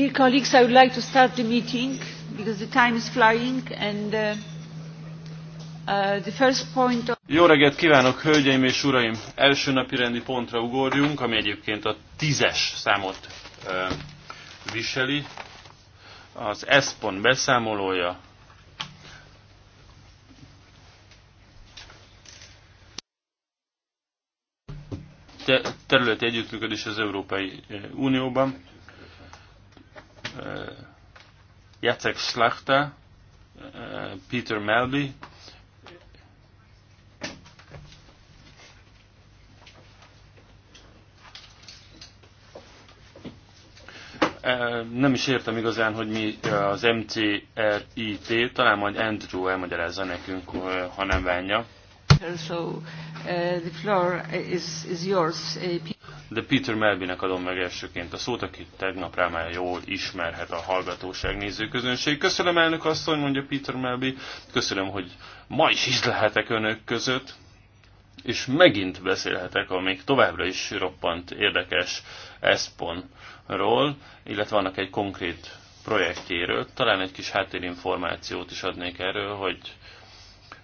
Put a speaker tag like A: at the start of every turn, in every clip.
A: Dear colleagues, I would like to start the meeting because the time is flying and uh, uh, the first point of...
B: Jó reggelt kívánok, hölgyeim és uraim! Első napi rendi pontra ugorjunk, ami egyébként a tízes számot uh, viseli. Az S-pont beszámolója, területi együttműködés az Európai Unióban. Jacek Slachta, Peter Melby, nem is értem igazán, hogy mi az MCRIT, talán majd Andrew elmagyarázza nekünk, ha nem bánja.
A: So, uh, the floor is, is yours
B: de Peter Melbynek adom meg elsőként a szót, aki tegnap rá már jól ismerhet a hallgatóság nézőközönség. Köszönöm elnök asszony, mondja Peter Melby, köszönöm, hogy ma is is lehetek önök között, és megint beszélhetek a még továbbra is roppant érdekes ESPON-ról, illetve annak egy konkrét projektjéről. Talán egy kis háttérinformációt is adnék erről, hogy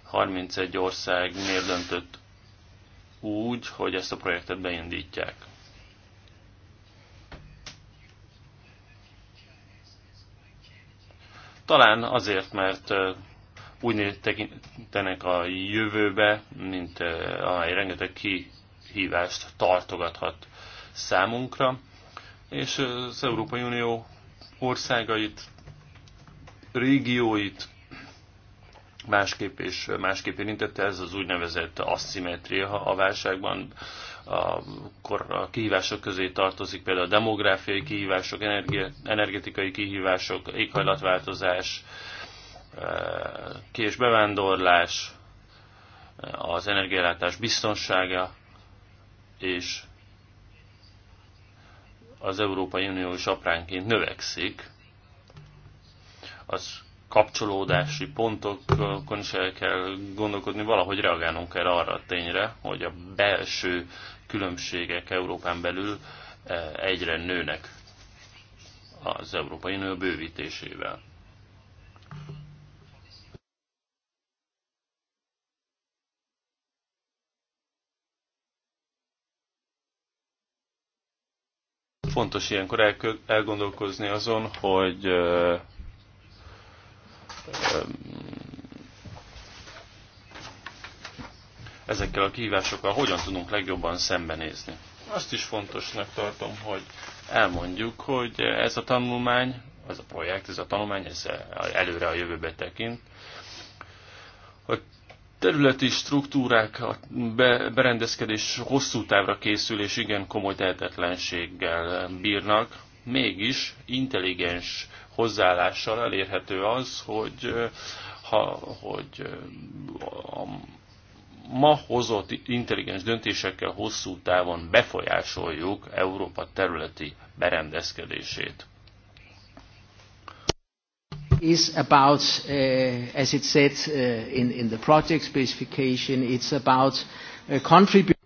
B: 31 ország miért döntött úgy, hogy ezt a projektet beindítják. Talán azért, mert úgy tekintenek a jövőbe, mint amely rengeteg kihívást tartogathat számunkra, és az Európai Unió országait, régióit másképp és másképp érintette ez az úgynevezett asszimetria a válságban akkor a kihívások közé tartozik például a demográfiai kihívások, energetikai kihívások, éghajlatváltozás, eh, kés bevándorlás, eh, az energiállátás biztonsága, és az Európai Unió is apránként növekszik, az kapcsolódási pontokon is el kell gondolkodni, valahogy reagálnunk kell arra a tényre, hogy a belső különbségek Európán belül eh, egyre nőnek az Európai Unió bővítésével. Fontos ilyenkor elgondolkozni azon, hogy eh, ezekkel a kihívásokkal hogyan tudunk legjobban szembenézni. Azt is fontosnak tartom, hogy elmondjuk, hogy ez a tanulmány, ez a projekt, ez a tanulmány, ez előre a jövőbe tekint, hogy területi struktúrák, a berendezkedés hosszú távra készül, és igen komoly tehetetlenséggel bírnak, mégis intelligens hozzáállással elérhető az, hogy ha, hogy ma hozott intelligens döntésekkel hosszú távon befolyásoljuk Európa területi berendezkedését.
C: Is about, uh, as it said uh, in, in the project specification, it's about uh, eh, contributing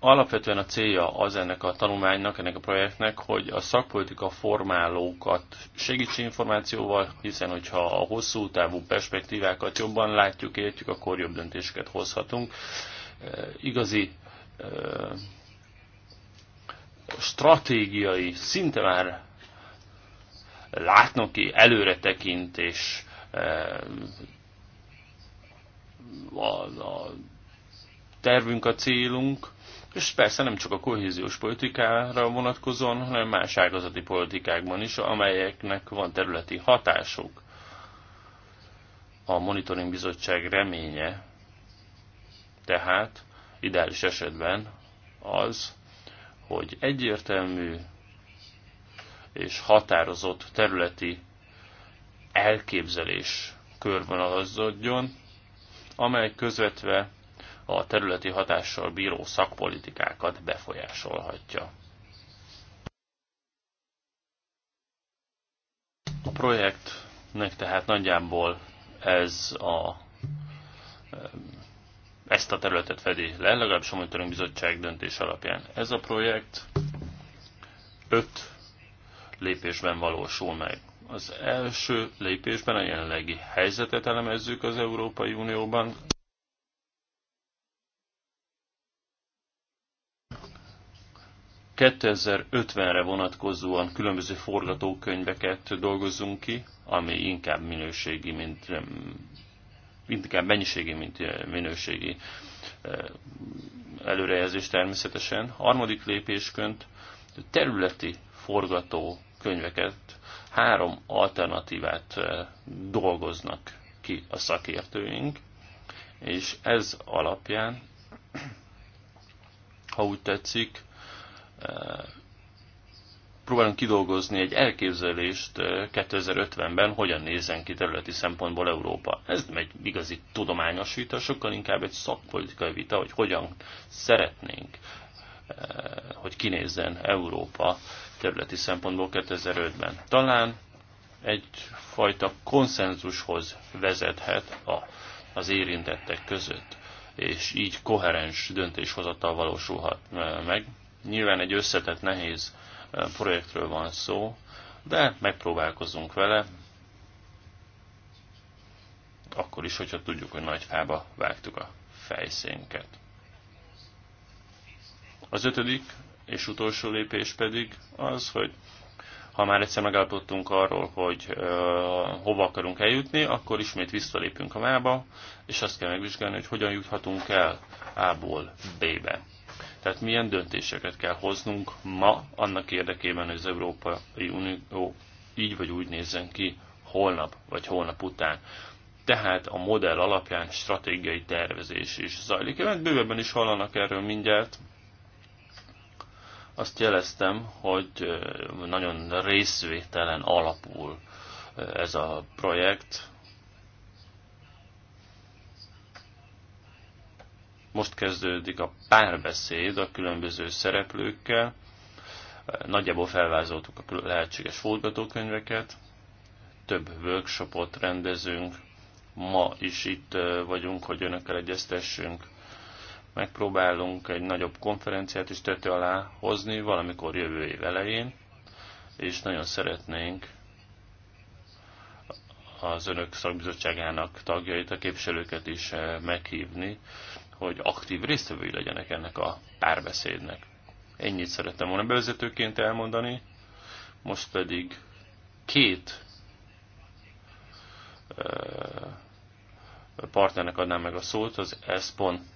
B: Alapvetően a célja az ennek a tanulmánynak, ennek a projektnek, hogy a szakpolitika formálókat segítsen információval, hiszen hogyha a hosszú távú perspektívákat jobban látjuk, értjük, akkor jobb döntéseket hozhatunk. Igazi stratégiai, szinte már látnoki előretekintés a, a tervünk, a célunk, és persze nem csak a kohéziós politikára vonatkozóan, hanem más ágazati politikákban is, amelyeknek van területi hatásuk. A Monitoring Bizottság reménye tehát ideális esetben az, hogy egyértelmű és határozott területi elképzelés körvonalazódjon, amely közvetve a területi hatással bíró szakpolitikákat befolyásolhatja. A projektnek tehát nagyjából ez a eh, ezt a területet fedi le, legalábbis a Monitoring Bizottság döntés alapján. Ez a projekt öt lépésben valósul meg. Az első lépésben a jelenlegi helyzetet elemezzük az Európai Unióban, 2050-re vonatkozóan különböző forgatókönyveket dolgozzunk ki, ami inkább minőségi, mint inkább mennyiségi, mint eh, minőségi eh, előrejelzés természetesen. Harmadik lépéskönt területi forgatókönyveket, három alternatívát eh, dolgoznak ki a szakértőink, és ez alapján, ha úgy tetszik, próbálunk kidolgozni egy elképzelést 2050-ben, hogyan nézzen ki területi szempontból Európa. Ez nem egy igazi tudományos vita, sokkal inkább egy szakpolitikai vita, hogy hogyan szeretnénk, hogy kinézzen Európa területi szempontból 2005-ben. Talán egyfajta konszenzushoz vezethet a, az érintettek között, és így koherens döntéshozattal valósulhat meg. Nyilván egy összetett, nehéz projektről van szó, de megpróbálkozunk vele, akkor is, hogyha tudjuk, hogy nagy fába vágtuk a fejszénket. Az ötödik és utolsó lépés pedig az, hogy ha már egyszer megállapodtunk arról, hogy hova akarunk eljutni, akkor ismét visszalépünk a mába, és azt kell megvizsgálni, hogy hogyan juthatunk el A-ból B-be. Tehát milyen döntéseket kell hoznunk ma annak érdekében, hogy az Európai Unió így vagy úgy nézzen ki holnap vagy holnap után. Tehát a modell alapján stratégiai tervezés is zajlik. Mert bővebben is hallanak erről mindjárt. Azt jeleztem, hogy nagyon részvételen alapul ez a projekt, Most kezdődik a párbeszéd a különböző szereplőkkel. Nagyjából felvázoltuk a lehetséges forgatókönyveket. Több workshopot rendezünk. Ma is itt vagyunk, hogy önökkel egyeztessünk. Megpróbálunk egy nagyobb konferenciát is tető alá hozni valamikor jövő év elején, és nagyon szeretnénk az önök szakbizottságának tagjait, a képviselőket is meghívni, hogy aktív résztvevői legyenek ennek a párbeszédnek. Ennyit szerettem volna bevezetőként elmondani, most pedig két partnernek adnám meg a szót, az ESPON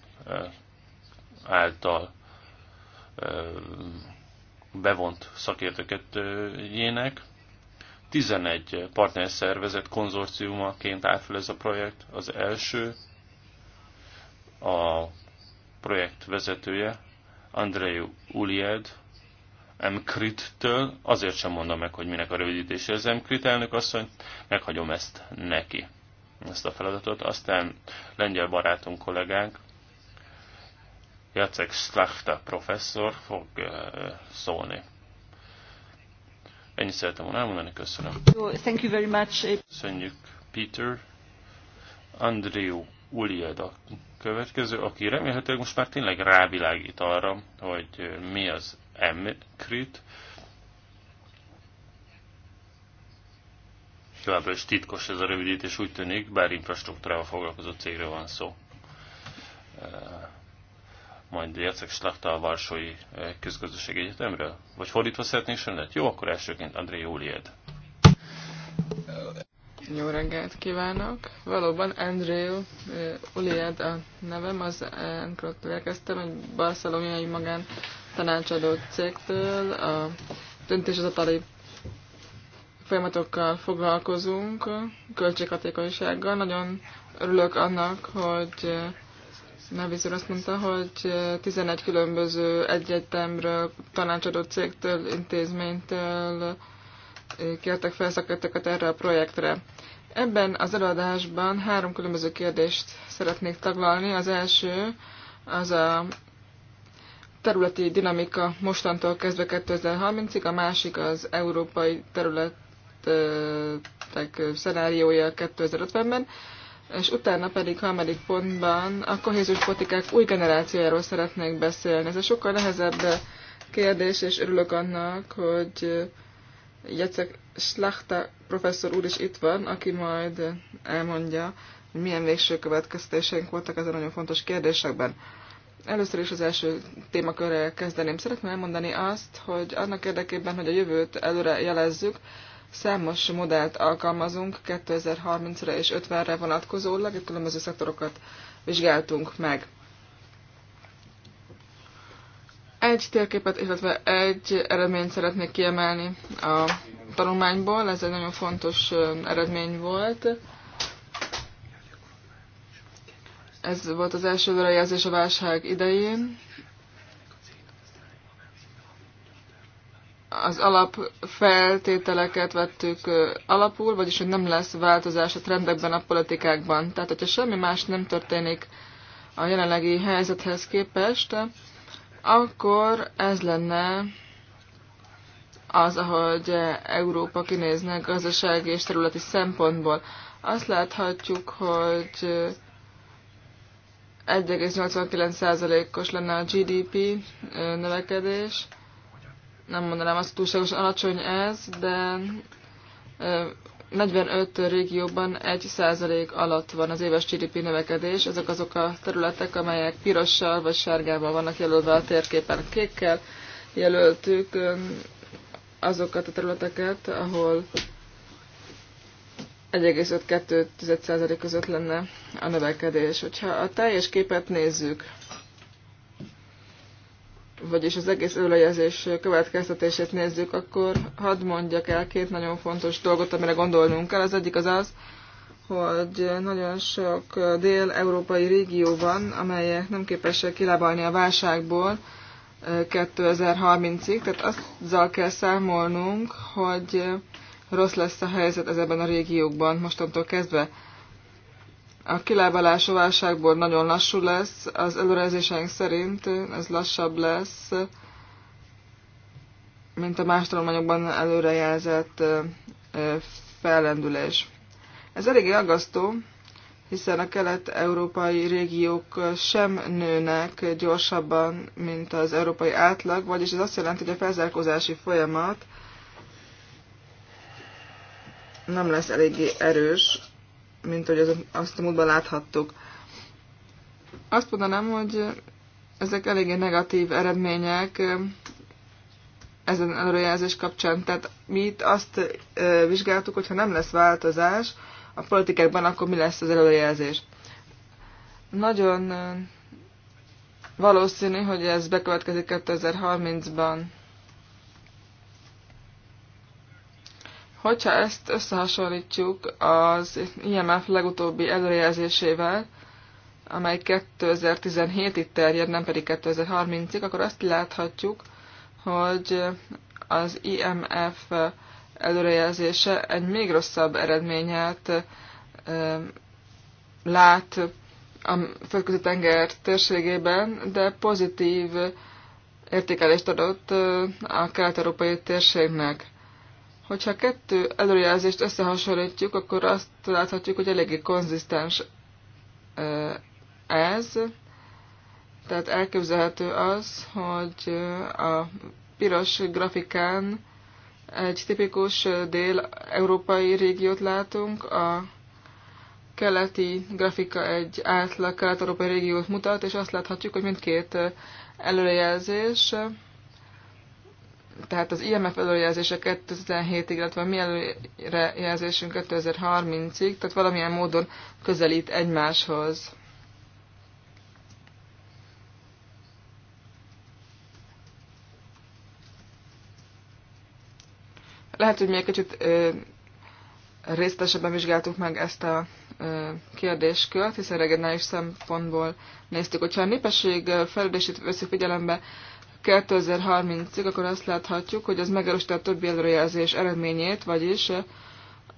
B: által bevont szakértőket jének. 11 partnerszervezet konzorciumaként áll fel ez a projekt. Az első a projekt vezetője, Andrei Ulied, MCRIT-től, azért sem mondom meg, hogy minek a rövidítése az MCRIT elnök asszony, meghagyom ezt neki, ezt a feladatot. Aztán lengyel barátunk, kollégánk, Jacek Slachta professzor fog eh, szólni. Ennyit szeretem volna elmondani, köszönöm. Thank you very much. Köszönjük Peter, Uliad, Ulied, következő, aki remélhetőleg most már tényleg rávilágít arra, hogy mi az MCRIT. Továbbra is titkos ez a rövidítés, úgy tűnik, bár infrastruktúrával foglalkozó cégről van szó. Majd Jacek Slachta a Varsói Közgazdaság Egyetemről? Vagy fordítva szeretnék sem lett? Jó, akkor elsőként André Júliad.
A: Jó reggelt kívánok! Valóban Andrew Uliad a nevem, az Enkrottól érkeztem, egy barcelonai magán tanácsadó cégtől. A döntéshozatali folyamatokkal foglalkozunk, költséghatékonysággal. Nagyon örülök annak, hogy Naviszor azt mondta, hogy 11 különböző egyetemről, tanácsadó cégtől, intézménytől, kértek fel szakértőket erre a projektre. Ebben az előadásban három különböző kérdést szeretnék taglalni. Az első az a területi dinamika mostantól kezdve 2030-ig, a másik az európai területek szenáriója 2050-ben, és utána pedig harmadik pontban a kohéziós politikák új generációjáról szeretnék beszélni. Ez a sokkal nehezebb kérdés, és örülök annak, hogy Jacek Slachta professzor úr is itt van, aki majd elmondja, hogy milyen végső következtéseink voltak ezen nagyon fontos kérdésekben. Először is az első témakörrel kezdeném. Szeretném elmondani azt, hogy annak érdekében, hogy a jövőt előre jelezzük, számos modellt alkalmazunk 2030-ra és 50-re vonatkozólag, itt különböző szektorokat vizsgáltunk meg. Egy térképet, illetve egy eredményt szeretnék kiemelni a tanulmányból, ez egy nagyon fontos eredmény volt. Ez volt az első előrejelzés a válság idején. Az alapfeltételeket vettük alapul, vagyis hogy nem lesz változás a trendekben, a politikákban. Tehát, hogyha semmi más nem történik a jelenlegi helyzethez képest, akkor ez lenne az, ahogy Európa kinézne gazdasági és területi szempontból. Azt láthatjuk, hogy 1,89%-os lenne a GDP növekedés. Nem mondanám azt, túlságosan alacsony ez, de 45 régióban 1% alatt van az éves GDP növekedés. Ezek azok a területek, amelyek pirossal vagy sárgával vannak jelölve a térképen. Kékkel jelöltük azokat a területeket, ahol 1,5-2% között lenne a növekedés. Hogyha a teljes képet nézzük, vagyis az egész ölejezés következtetését nézzük, akkor hadd mondjak el két nagyon fontos dolgot, amire gondolnunk kell. Az egyik az az, hogy nagyon sok dél-európai régió van, amelyek nem képesek kilábalni a válságból 2030-ig, eh, tehát azzal kell számolnunk, hogy rossz lesz a helyzet ezekben a régiókban mostantól kezdve. A kilábalás a válságból nagyon lassú lesz, az előrejelzéseink szerint ez lassabb lesz, mint a más tanulmányokban előrejelzett fellendülés. Ez eléggé aggasztó, hiszen a kelet-európai régiók sem nőnek gyorsabban, mint az európai átlag, vagyis ez azt jelenti, hogy a felzárkózási folyamat nem lesz eléggé erős, mint hogy az azt a múltban láthattuk. Azt mondanám, hogy ezek eléggé negatív eredmények ezen előrejelzés kapcsán. Tehát mi itt azt vizsgáltuk, hogyha nem lesz változás a politikákban, akkor mi lesz az előrejelzés. Nagyon valószínű, hogy ez bekövetkezik 2030-ban Hogyha ezt összehasonlítjuk az IMF legutóbbi előrejelzésével, amely 2017-ig terjed, nem pedig 2030-ig, akkor azt láthatjuk, hogy az IMF előrejelzése egy még rosszabb eredményet lát a földközi tenger térségében, de pozitív értékelést adott a kelet-európai térségnek. Hogyha kettő előrejelzést összehasonlítjuk, akkor azt láthatjuk, hogy eléggé konzisztens ez. Tehát elképzelhető az, hogy a piros grafikán egy tipikus dél-európai régiót látunk, a keleti grafika egy átlag kelet-európai régiót mutat, és azt láthatjuk, hogy mindkét előrejelzés tehát az IMF előjelzése 2017-ig, illetve a mi előjelzésünk 2030-ig, tehát valamilyen módon közelít egymáshoz. Lehet, hogy mi egy kicsit ö, részletesebben vizsgáltuk meg ezt a ö, kérdéskört, hiszen regionális szempontból néztük. Hogyha a népesség fejlődését veszük figyelembe, 2030-ig, akkor azt láthatjuk, hogy az megerősítette a többi előrejelzés eredményét, vagyis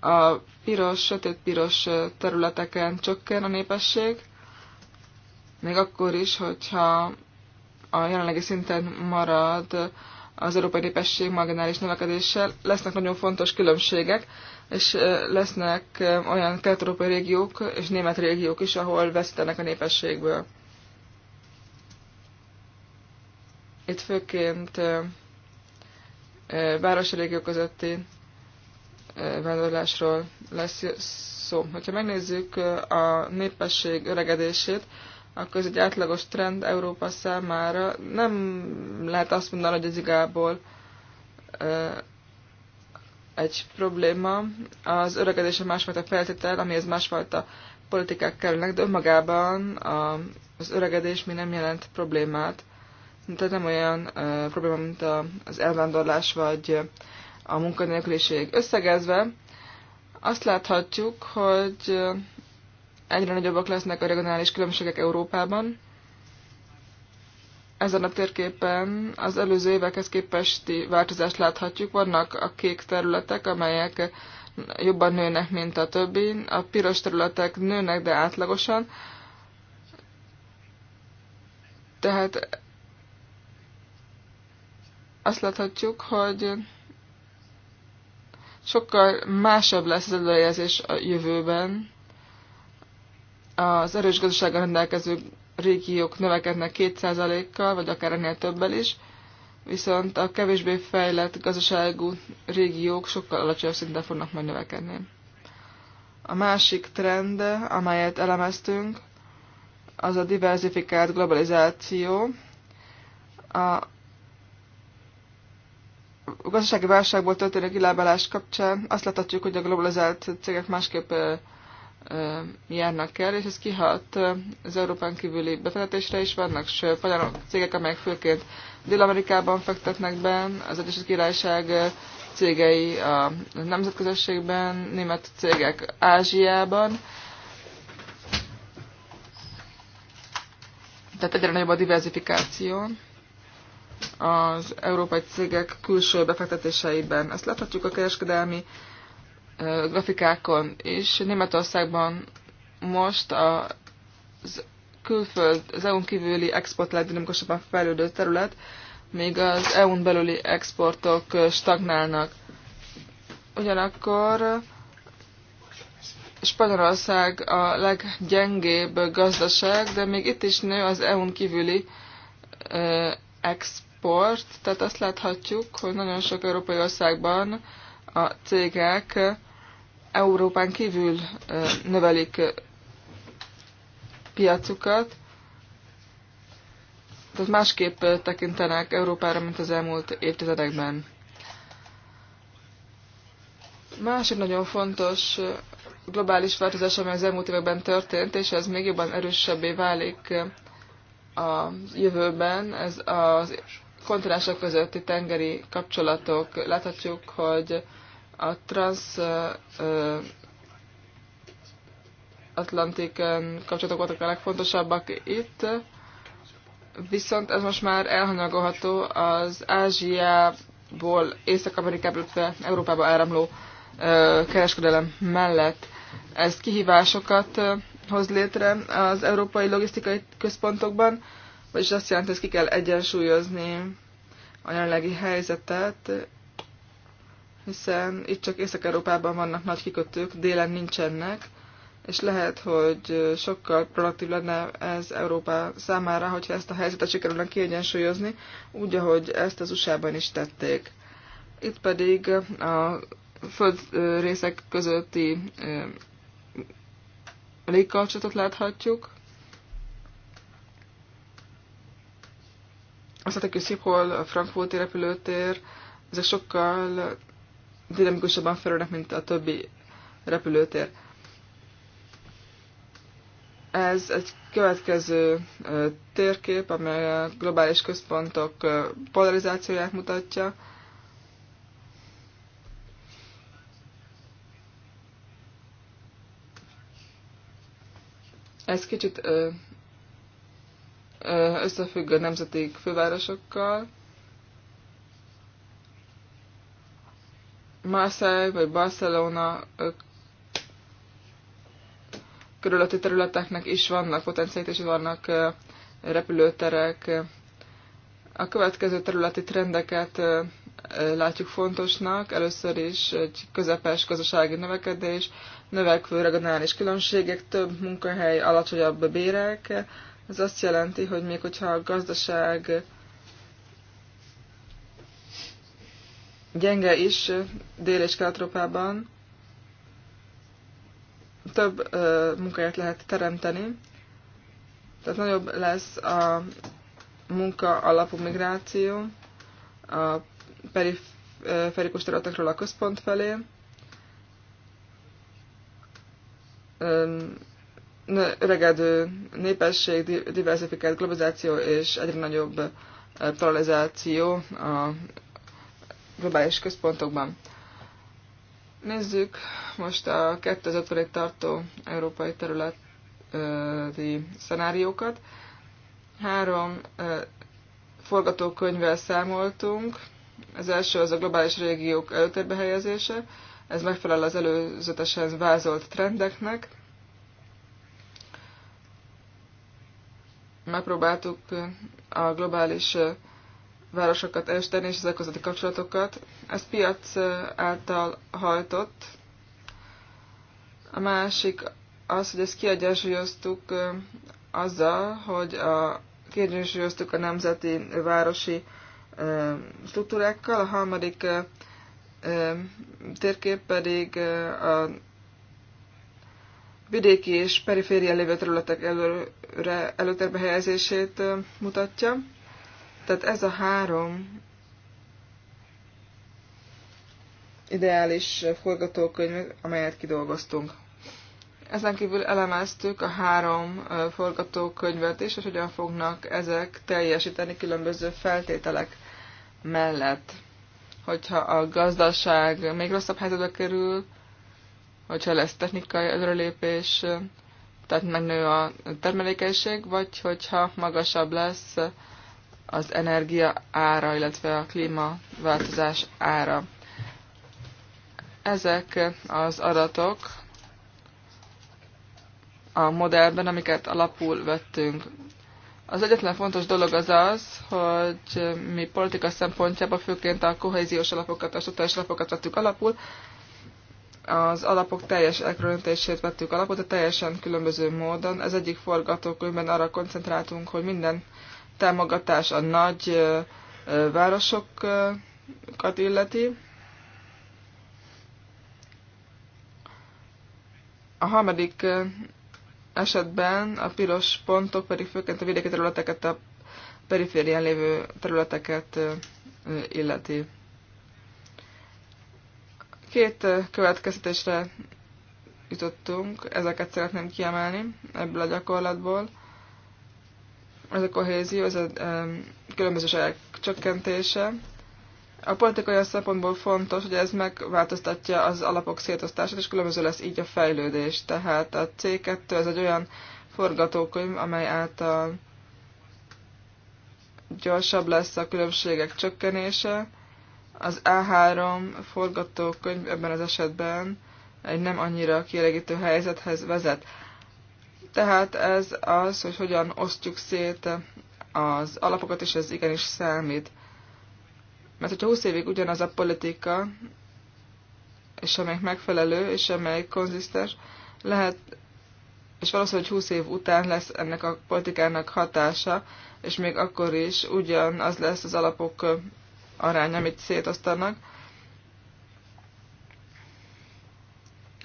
A: a piros, sötét-piros területeken csökken a népesség, még akkor is, hogyha a jelenlegi szinten marad az európai népesség marginális növekedéssel, lesznek nagyon fontos különbségek, és lesznek olyan kelet-európai régiók és német régiók is, ahol veszítenek a népességből. Itt főként városi régió közötti vándorlásról lesz szó. Hogyha megnézzük a népesség öregedését, akkor ez egy átlagos trend Európa számára. Nem lehet azt mondani, hogy ez igából egy probléma. Az öregedés a másfajta feltétel, amihez másfajta politikák kellnek, de önmagában az öregedés mi nem jelent problémát tehát nem olyan ö, probléma, mint a, az elvándorlás vagy a munkanélküliség. Összegezve azt láthatjuk, hogy egyre nagyobbak lesznek a regionális különbségek Európában. Ezen a térképen az előző évekhez képesti változást láthatjuk. Vannak a kék területek, amelyek jobban nőnek, mint a többi. A piros területek nőnek, de átlagosan. Tehát azt láthatjuk, hogy sokkal másabb lesz az előrejelzés a jövőben. Az erős gazdasággal rendelkező régiók növekednek 2%-kal, vagy akár ennél többel is, viszont a kevésbé fejlett gazdaságú régiók sokkal alacsonyabb szinten fognak majd növekedni. A másik trend, amelyet elemeztünk, az a diversifikált globalizáció. A a gazdasági válságból történő kilábalás kapcsán azt láthatjuk, hogy a globalizált cégek másképp járnak el, és ez kihat az Európán kívüli befektetésre is. Vannak olyan cégek, amelyek főként Dél-Amerikában fektetnek be, az Egyesült Királyság cégei a nemzetközösségben, német cégek Ázsiában. Tehát egyre nagyobb a diversifikáció az európai cégek külső befektetéseiben. Ezt láthatjuk a kereskedelmi grafikákon is. Németországban most a az külföld, az EU-n kívüli export lehet dinamikusabban fejlődő terület, még az EU-n belüli exportok stagnálnak. Ugyanakkor Spanyolország a leggyengébb gazdaság, de még itt is nő az EU-n kívüli export export, tehát azt láthatjuk, hogy nagyon sok európai országban a cégek Európán kívül növelik piacukat, tehát másképp tekintenek Európára, mint az elmúlt évtizedekben. Másik nagyon fontos globális változás, ami az elmúlt években történt, és ez még jobban erősebbé válik a jövőben, ez az kontinensek közötti tengeri kapcsolatok. Láthatjuk, hogy a transatlantik kapcsolatok voltak a legfontosabbak itt, viszont ez most már elhanyagolható az Ázsiából, Észak-Amerikából, Európába áramló kereskedelem mellett. Ez kihívásokat hoz létre az európai logisztikai központokban, vagyis azt jelenti, hogy ki kell egyensúlyozni a jelenlegi helyzetet, hiszen itt csak Észak-Európában vannak nagy kikötők, délen nincsenek, és lehet, hogy sokkal produktív lenne ez Európa számára, hogyha ezt a helyzetet sikerülne kiegyensúlyozni, úgy, ahogy ezt az USA-ban is tették. Itt pedig a földrészek közötti légkapcsolatot láthatjuk. Azt mondták, hogy a Frankfurti repülőtér, ezek sokkal dinamikusabban felülnek, mint a többi repülőtér. Ez egy következő térkép, amely a globális központok polarizációját mutatja. Ez kicsit összefügg a nemzeti fővárosokkal. Marseille vagy Barcelona körülötti területeknek is vannak potenciált, és vannak repülőterek. A következő területi trendeket látjuk fontosnak. Először is egy közepes gazdasági növekedés, növekvő regionális különbségek, több munkahely, alacsonyabb bérek, ez azt jelenti, hogy még hogyha a gazdaság gyenge is Dél- és Kelet-Európában, több ö, munkáját lehet teremteni, tehát nagyobb lesz a munka alapú migráció a periférikus területekről a központ felé. Ö, öregedő népesség, diversifikált globalizáció és egyre nagyobb eh, pluralizáció a globális központokban. Nézzük most a 2050-ig tartó európai területi szenáriókat. Három eh, forgatókönyvvel számoltunk. Az első az a globális régiók előtérbe helyezése. Ez megfelel az előzetesen vázolt trendeknek. megpróbáltuk a globális városokat erősíteni és ezek közötti kapcsolatokat. Ez piac által hajtott. A másik az, hogy ezt kiegyensúlyoztuk azzal, hogy a, kiegyensúlyoztuk a nemzeti városi struktúrákkal, a harmadik térkép pedig a vidéki és periférián lévő területek előre, előterbe helyezését mutatja. Tehát ez a három ideális forgatókönyv, amelyet kidolgoztunk. Ezen kívül elemeztük a három forgatókönyvet is, és hogyan fognak ezek teljesíteni különböző feltételek mellett. Hogyha a gazdaság még rosszabb helyzetbe kerül, hogyha lesz technikai előrelépés, tehát megnő a termelékenység, vagy hogyha magasabb lesz az energia ára, illetve a klímaváltozás ára. Ezek az adatok a modellben, amiket alapul vettünk. Az egyetlen fontos dolog az az, hogy mi politika szempontjában főként a kohéziós alapokat, a struktúrás alapokat vettük alapul, az alapok teljes elkülönítését vettük alapot, de teljesen különböző módon. Ez egyik forgatókönyvben arra koncentráltunk, hogy minden támogatás a nagy városokat illeti. A harmadik esetben a piros pontok pedig főként a vidéki területeket, a periférián lévő területeket illeti. Két következtetésre jutottunk, ezeket szeretném kiemelni ebből a gyakorlatból. Ez a kohézió, ez a különbözőségek csökkentése. A politikai a szempontból fontos, hogy ez megváltoztatja az alapok szétosztását, és különböző lesz így a fejlődés. Tehát a C2 ez egy olyan forgatókönyv, amely által gyorsabb lesz a különbségek csökkenése, az A3 forgatókönyv ebben az esetben egy nem annyira kielégítő helyzethez vezet. Tehát ez az, hogy hogyan osztjuk szét az alapokat, és ez igenis számít. Mert hogyha 20 évig ugyanaz a politika, és amelyik megfelelő, és amelyik konzisztens, lehet, és valószínűleg 20 év után lesz ennek a politikának hatása, és még akkor is ugyanaz lesz az alapok arány, amit szétosztanak.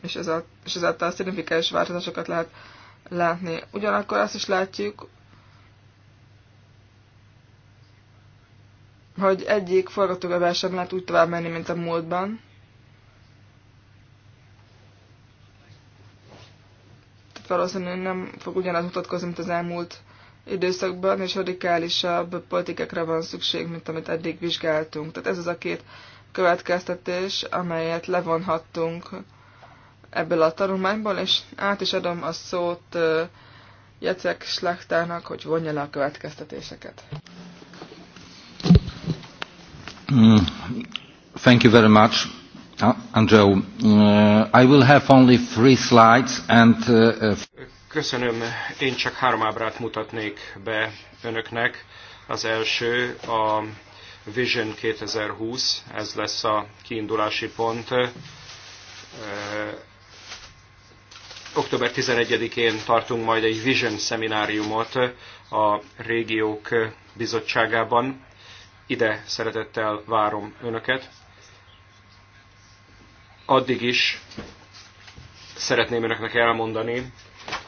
A: És, ez a, és ezáltal szignifikáns változásokat lehet látni. Ugyanakkor azt is látjuk, hogy egyik forgatókönyvvel sem lehet úgy tovább menni, mint a múltban. Tehát valószínűleg nem fog ugyanaz mutatkozni, mint az elmúlt időszakban, és radikálisabb politikákra van szükség, mint amit eddig vizsgáltunk. Tehát ez az a két következtetés, amelyet levonhattunk ebből a tanulmányból, és át is adom a szót Jacek Slachtának, hogy vonja le a következtetéseket. Mm, thank you very much, uh, Andrew. Uh, I will have only three slides and... Uh, uh
C: Köszönöm. Én csak három ábrát mutatnék be önöknek. Az első a Vision 2020, ez lesz a kiindulási pont. Október 11-én tartunk majd egy Vision szemináriumot a régiók bizottságában. Ide szeretettel várom önöket. Addig is szeretném önöknek elmondani,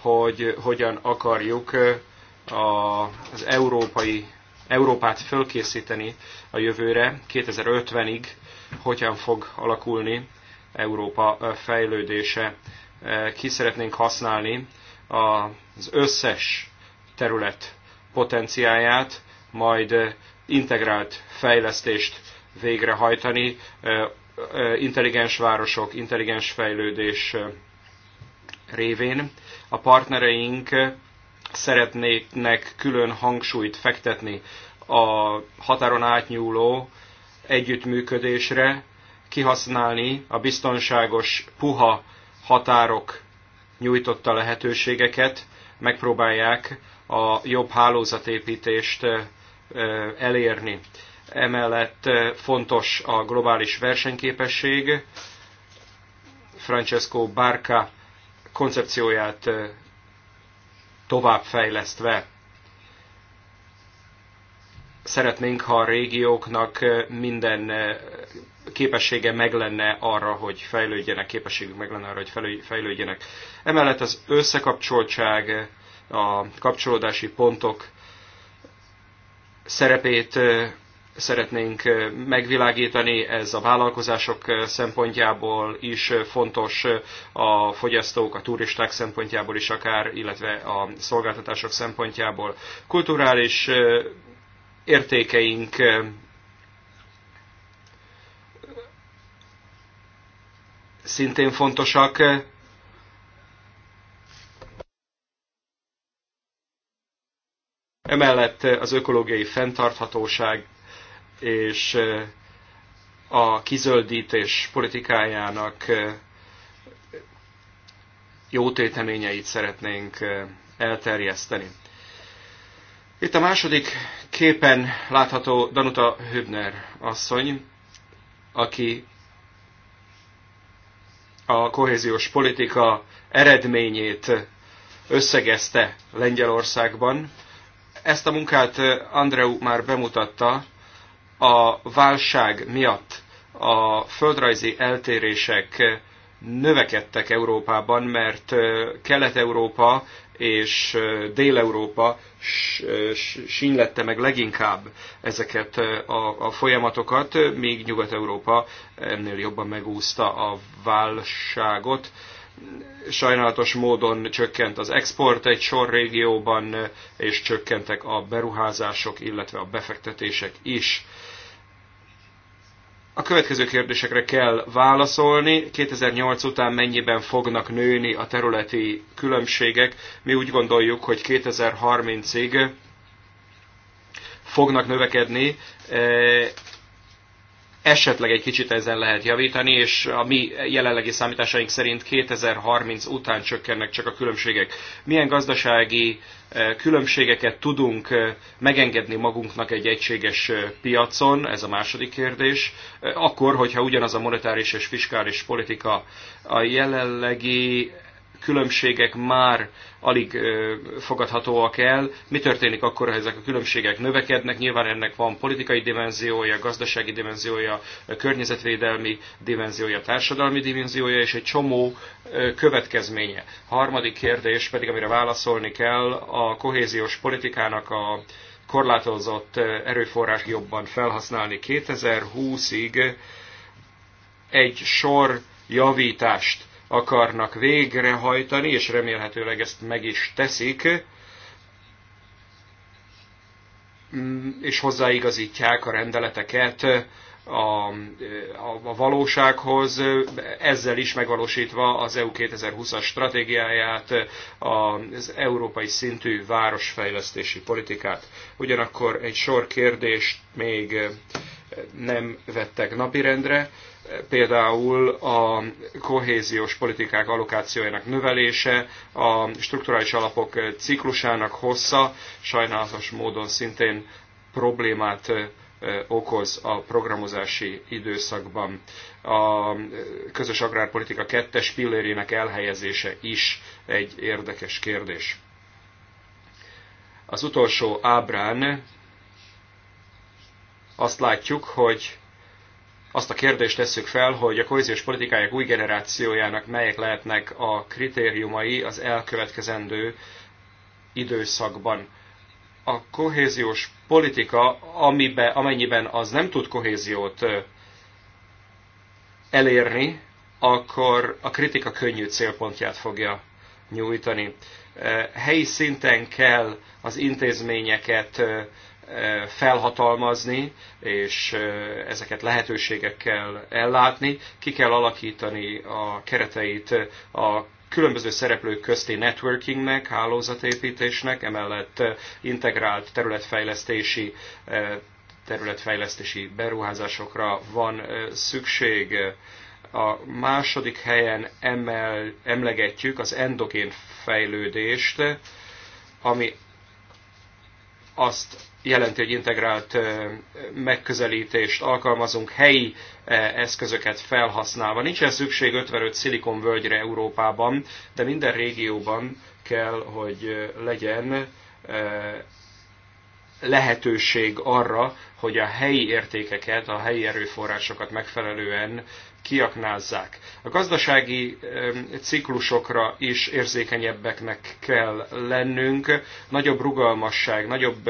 C: hogy hogyan akarjuk az európai, Európát fölkészíteni a jövőre 2050-ig, hogyan fog alakulni Európa fejlődése. Ki szeretnénk használni az összes terület potenciáját, majd integrált fejlesztést végrehajtani, intelligens városok, intelligens fejlődés révén a partnereink szeretnének külön hangsúlyt fektetni a határon átnyúló együttműködésre, kihasználni a biztonságos, puha határok nyújtotta lehetőségeket, megpróbálják a jobb hálózatépítést elérni. Emellett fontos a globális versenyképesség. Francesco Barca koncepcióját továbbfejlesztve. Szeretnénk, ha a régióknak minden képessége meg lenne arra, hogy fejlődjenek, képességük meg lenne arra, hogy fejlődjenek. Emellett az összekapcsoltság, a kapcsolódási pontok szerepét szeretnénk megvilágítani, ez a vállalkozások szempontjából is fontos, a fogyasztók, a turisták szempontjából is akár, illetve a szolgáltatások szempontjából. Kulturális értékeink szintén fontosak, Emellett az ökológiai fenntarthatóság és a kizöldítés politikájának jó téteményeit szeretnénk elterjeszteni. Itt a második képen látható Danuta Hübner asszony, aki a kohéziós politika eredményét összegezte Lengyelországban. Ezt a munkát Andreu már bemutatta, a válság miatt a földrajzi eltérések növekedtek Európában, mert Kelet-Európa és Dél-Európa sínlette meg leginkább ezeket a, a folyamatokat, míg Nyugat-Európa ennél jobban megúszta a válságot. Sajnálatos módon csökkent az export egy sor régióban, és csökkentek a beruházások, illetve a befektetések is. A következő kérdésekre kell válaszolni. 2008 után mennyiben fognak nőni a területi különbségek? Mi úgy gondoljuk, hogy 2030-ig fognak növekedni eh, esetleg egy kicsit ezen lehet javítani, és a mi jelenlegi számításaink szerint 2030 után csökkennek csak a különbségek. Milyen gazdasági eh, különbségeket tudunk eh, megengedni magunknak egy egységes eh, piacon, ez a második kérdés, akkor, hogyha ugyanaz a monetáris és fiskális politika a jelenlegi különbségek már alig fogadhatóak el. Mi történik akkor, ha ezek a különbségek növekednek? Nyilván ennek van politikai dimenziója, gazdasági dimenziója, környezetvédelmi dimenziója, társadalmi dimenziója, és egy csomó következménye. Harmadik kérdés pedig, amire válaszolni kell, a kohéziós politikának a korlátozott erőforrás jobban felhasználni. 2020-ig egy sor javítást akarnak végrehajtani, és remélhetőleg ezt meg is teszik, mm, és hozzáigazítják a rendeleteket a, a, a valósághoz, ezzel is megvalósítva az EU 2020-as stratégiáját, az európai szintű városfejlesztési politikát. Ugyanakkor egy sor kérdést még nem vettek napirendre például a kohéziós politikák allokációjának növelése, a strukturális alapok ciklusának hossza sajnálatos módon szintén problémát okoz a programozási időszakban. A közös agrárpolitika kettes pillérének elhelyezése is egy érdekes kérdés. Az utolsó ábrán azt látjuk, hogy azt a kérdést tesszük fel, hogy a kohéziós politikáják új generációjának melyek lehetnek a kritériumai az elkövetkezendő időszakban. A kohéziós politika, amibe, amennyiben az nem tud kohéziót elérni, akkor a kritika könnyű célpontját fogja nyújtani. Helyi szinten kell az intézményeket felhatalmazni, és ezeket lehetőségekkel ellátni. Ki kell alakítani a kereteit a különböző szereplők közti networkingnek, hálózatépítésnek, emellett integrált területfejlesztési területfejlesztési beruházásokra van szükség. A második helyen emel, emlegetjük az endogén fejlődést, ami azt jelenti, hogy integrált megközelítést alkalmazunk helyi eszközöket felhasználva. Nincsen szükség 55 völgyre Európában, de minden régióban kell, hogy legyen lehetőség arra, hogy a helyi értékeket, a helyi erőforrásokat megfelelően kiaknázzák. A gazdasági ciklusokra is érzékenyebbeknek kell lennünk, nagyobb rugalmasság, nagyobb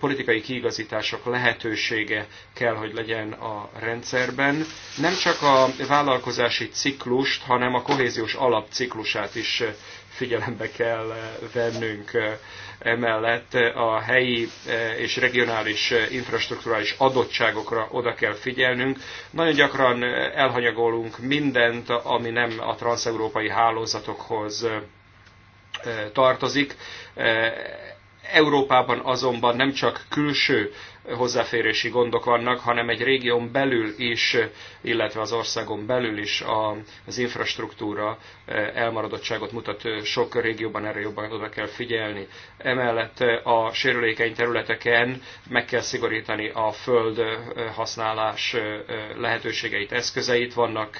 C: politikai kiigazítások lehetősége kell, hogy legyen a rendszerben. Nem csak a vállalkozási ciklust, hanem a kohéziós alapciklusát is figyelembe kell vennünk. Emellett a helyi és regionális infrastruktúrális adottságokra oda kell figyelnünk. Nagyon gyakran elhanyagolunk mindent, ami nem a transeurópai hálózatokhoz eh, tartozik. Eh, Európában azonban nem csak külső hozzáférési gondok vannak, hanem egy régión belül is, illetve az országon belül is az infrastruktúra e, elmaradottságot mutat. E, sok régióban erre jobban oda kell figyelni. Emellett e, a sérülékeny területeken meg kell szigorítani a föld használás lehetőségeit, eszközeit. Vannak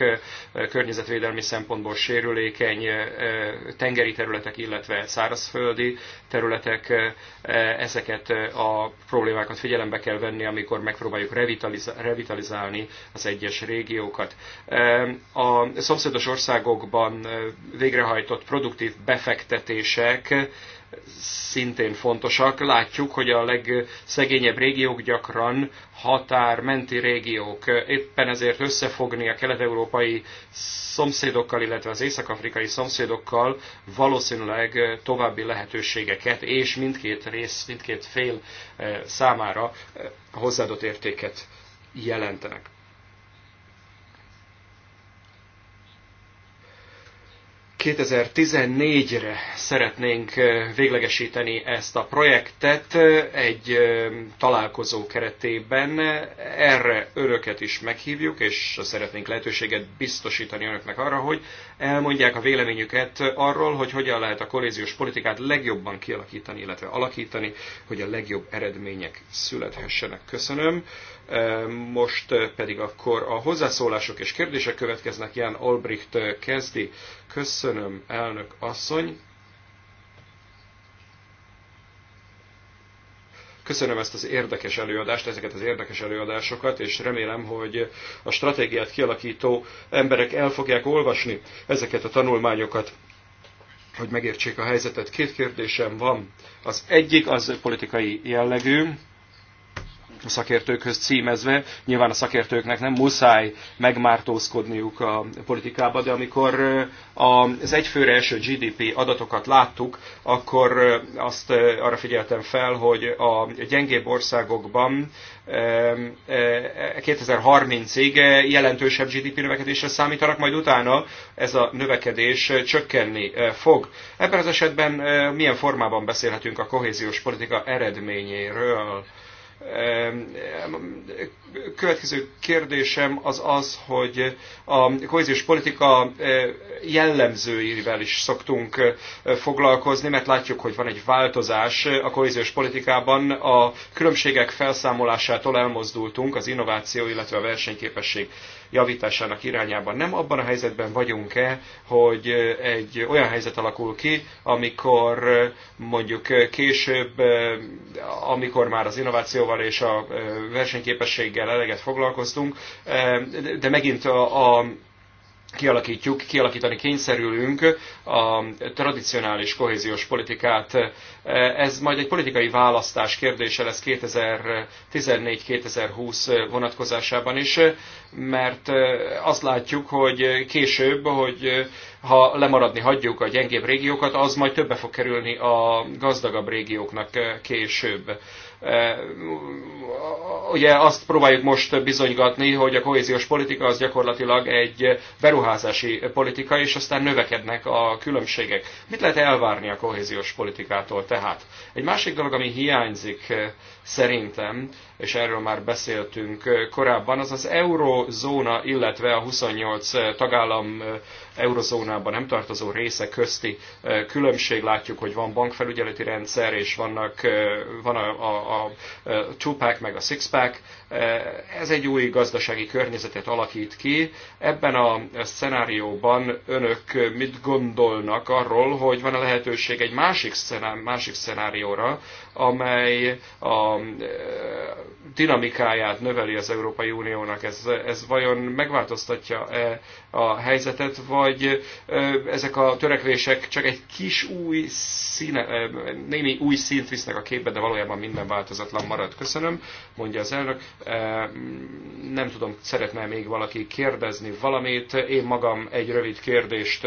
C: környezetvédelmi szempontból sérülékeny tengeri területek, illetve szárazföldi területek. Ezeket a problémákat figyelembe figyelembe kell venni, amikor megpróbáljuk revitalizálni az egyes régiókat. A szomszédos országokban végrehajtott produktív befektetések szintén fontosak. Látjuk, hogy a legszegényebb régiók gyakran határmenti régiók. Éppen ezért összefogni a kelet-európai szomszédokkal, illetve az észak-afrikai szomszédokkal valószínűleg további lehetőségeket és mindkét rész, mindkét fél eh, számára eh, hozzáadott értéket jelentenek. 2014-re szeretnénk véglegesíteni ezt a projektet egy találkozó keretében. Erre önöket is meghívjuk, és szeretnénk lehetőséget biztosítani önöknek arra, hogy elmondják a véleményüket arról, hogy hogyan lehet a kohéziós politikát legjobban kialakítani, illetve alakítani, hogy a legjobb eredmények születhessenek. Köszönöm. Most pedig akkor a hozzászólások és kérdések következnek. Jan Albrecht kezdi. Köszönöm, elnök asszony. köszönöm ezt az érdekes előadást, ezeket az érdekes előadásokat, és remélem, hogy a stratégiát kialakító emberek el fogják olvasni ezeket a tanulmányokat, hogy megértsék a helyzetet. Két kérdésem van. Az egyik az politikai jellegű, a szakértőkhöz címezve. Nyilván a szakértőknek nem muszáj megmártózkodniuk a politikába, de amikor az egyfőre első GDP adatokat láttuk, akkor azt arra figyeltem fel, hogy a gyengébb országokban 2030-ig jelentősebb GDP növekedésre számítanak, majd utána ez a növekedés csökkenni fog. Ebben az esetben milyen formában beszélhetünk a kohéziós politika eredményéről? Következő kérdésem az az, hogy a kohéziós politika e, jellemzőivel is szoktunk e, foglalkozni, mert látjuk, hogy van egy változás a kohéziós politikában. A különbségek felszámolásától elmozdultunk az innováció, illetve a versenyképesség javításának irányában. Nem abban a helyzetben vagyunk-e, hogy egy olyan helyzet alakul ki, amikor mondjuk később, amikor már az innovációval és a versenyképességgel eleget foglalkoztunk, de megint a, a kialakítjuk, kialakítani kényszerülünk a tradicionális kohéziós politikát. Ez majd egy politikai választás kérdése lesz 2014-2020 vonatkozásában is, mert azt látjuk, hogy később, hogy ha lemaradni hagyjuk a gyengébb régiókat, az majd többe fog kerülni a gazdagabb régióknak később. Ugye azt próbáljuk most bizonygatni, hogy a kohéziós politika az gyakorlatilag egy beruházási politika, és aztán növekednek a különbségek. Mit lehet elvárni a kohéziós politikától tehát? Egy másik dolog, ami hiányzik szerintem, és erről már beszéltünk korábban, az az eurozóna, illetve a 28 tagállam eurozónában nem tartozó része közti különbség. Látjuk, hogy van bankfelügyeleti rendszer, és vannak, van a, a, a two-pack, meg a six-pack Eh, ez egy új gazdasági környezetet alakít ki. Ebben a szenárióban önök mit gondolnak arról, hogy van-e lehetőség egy másik, szená, másik szenárióra, amely a eh, dinamikáját növeli az Európai Uniónak? Ez, ez vajon megváltoztatja -e a helyzetet, vagy ezek a törekvések csak egy kis új színe, némi új szint visznek a képbe, de valójában minden változatlan marad. Köszönöm, mondja az elnök. Nem tudom, szeretne még valaki kérdezni valamit. Én magam egy rövid kérdést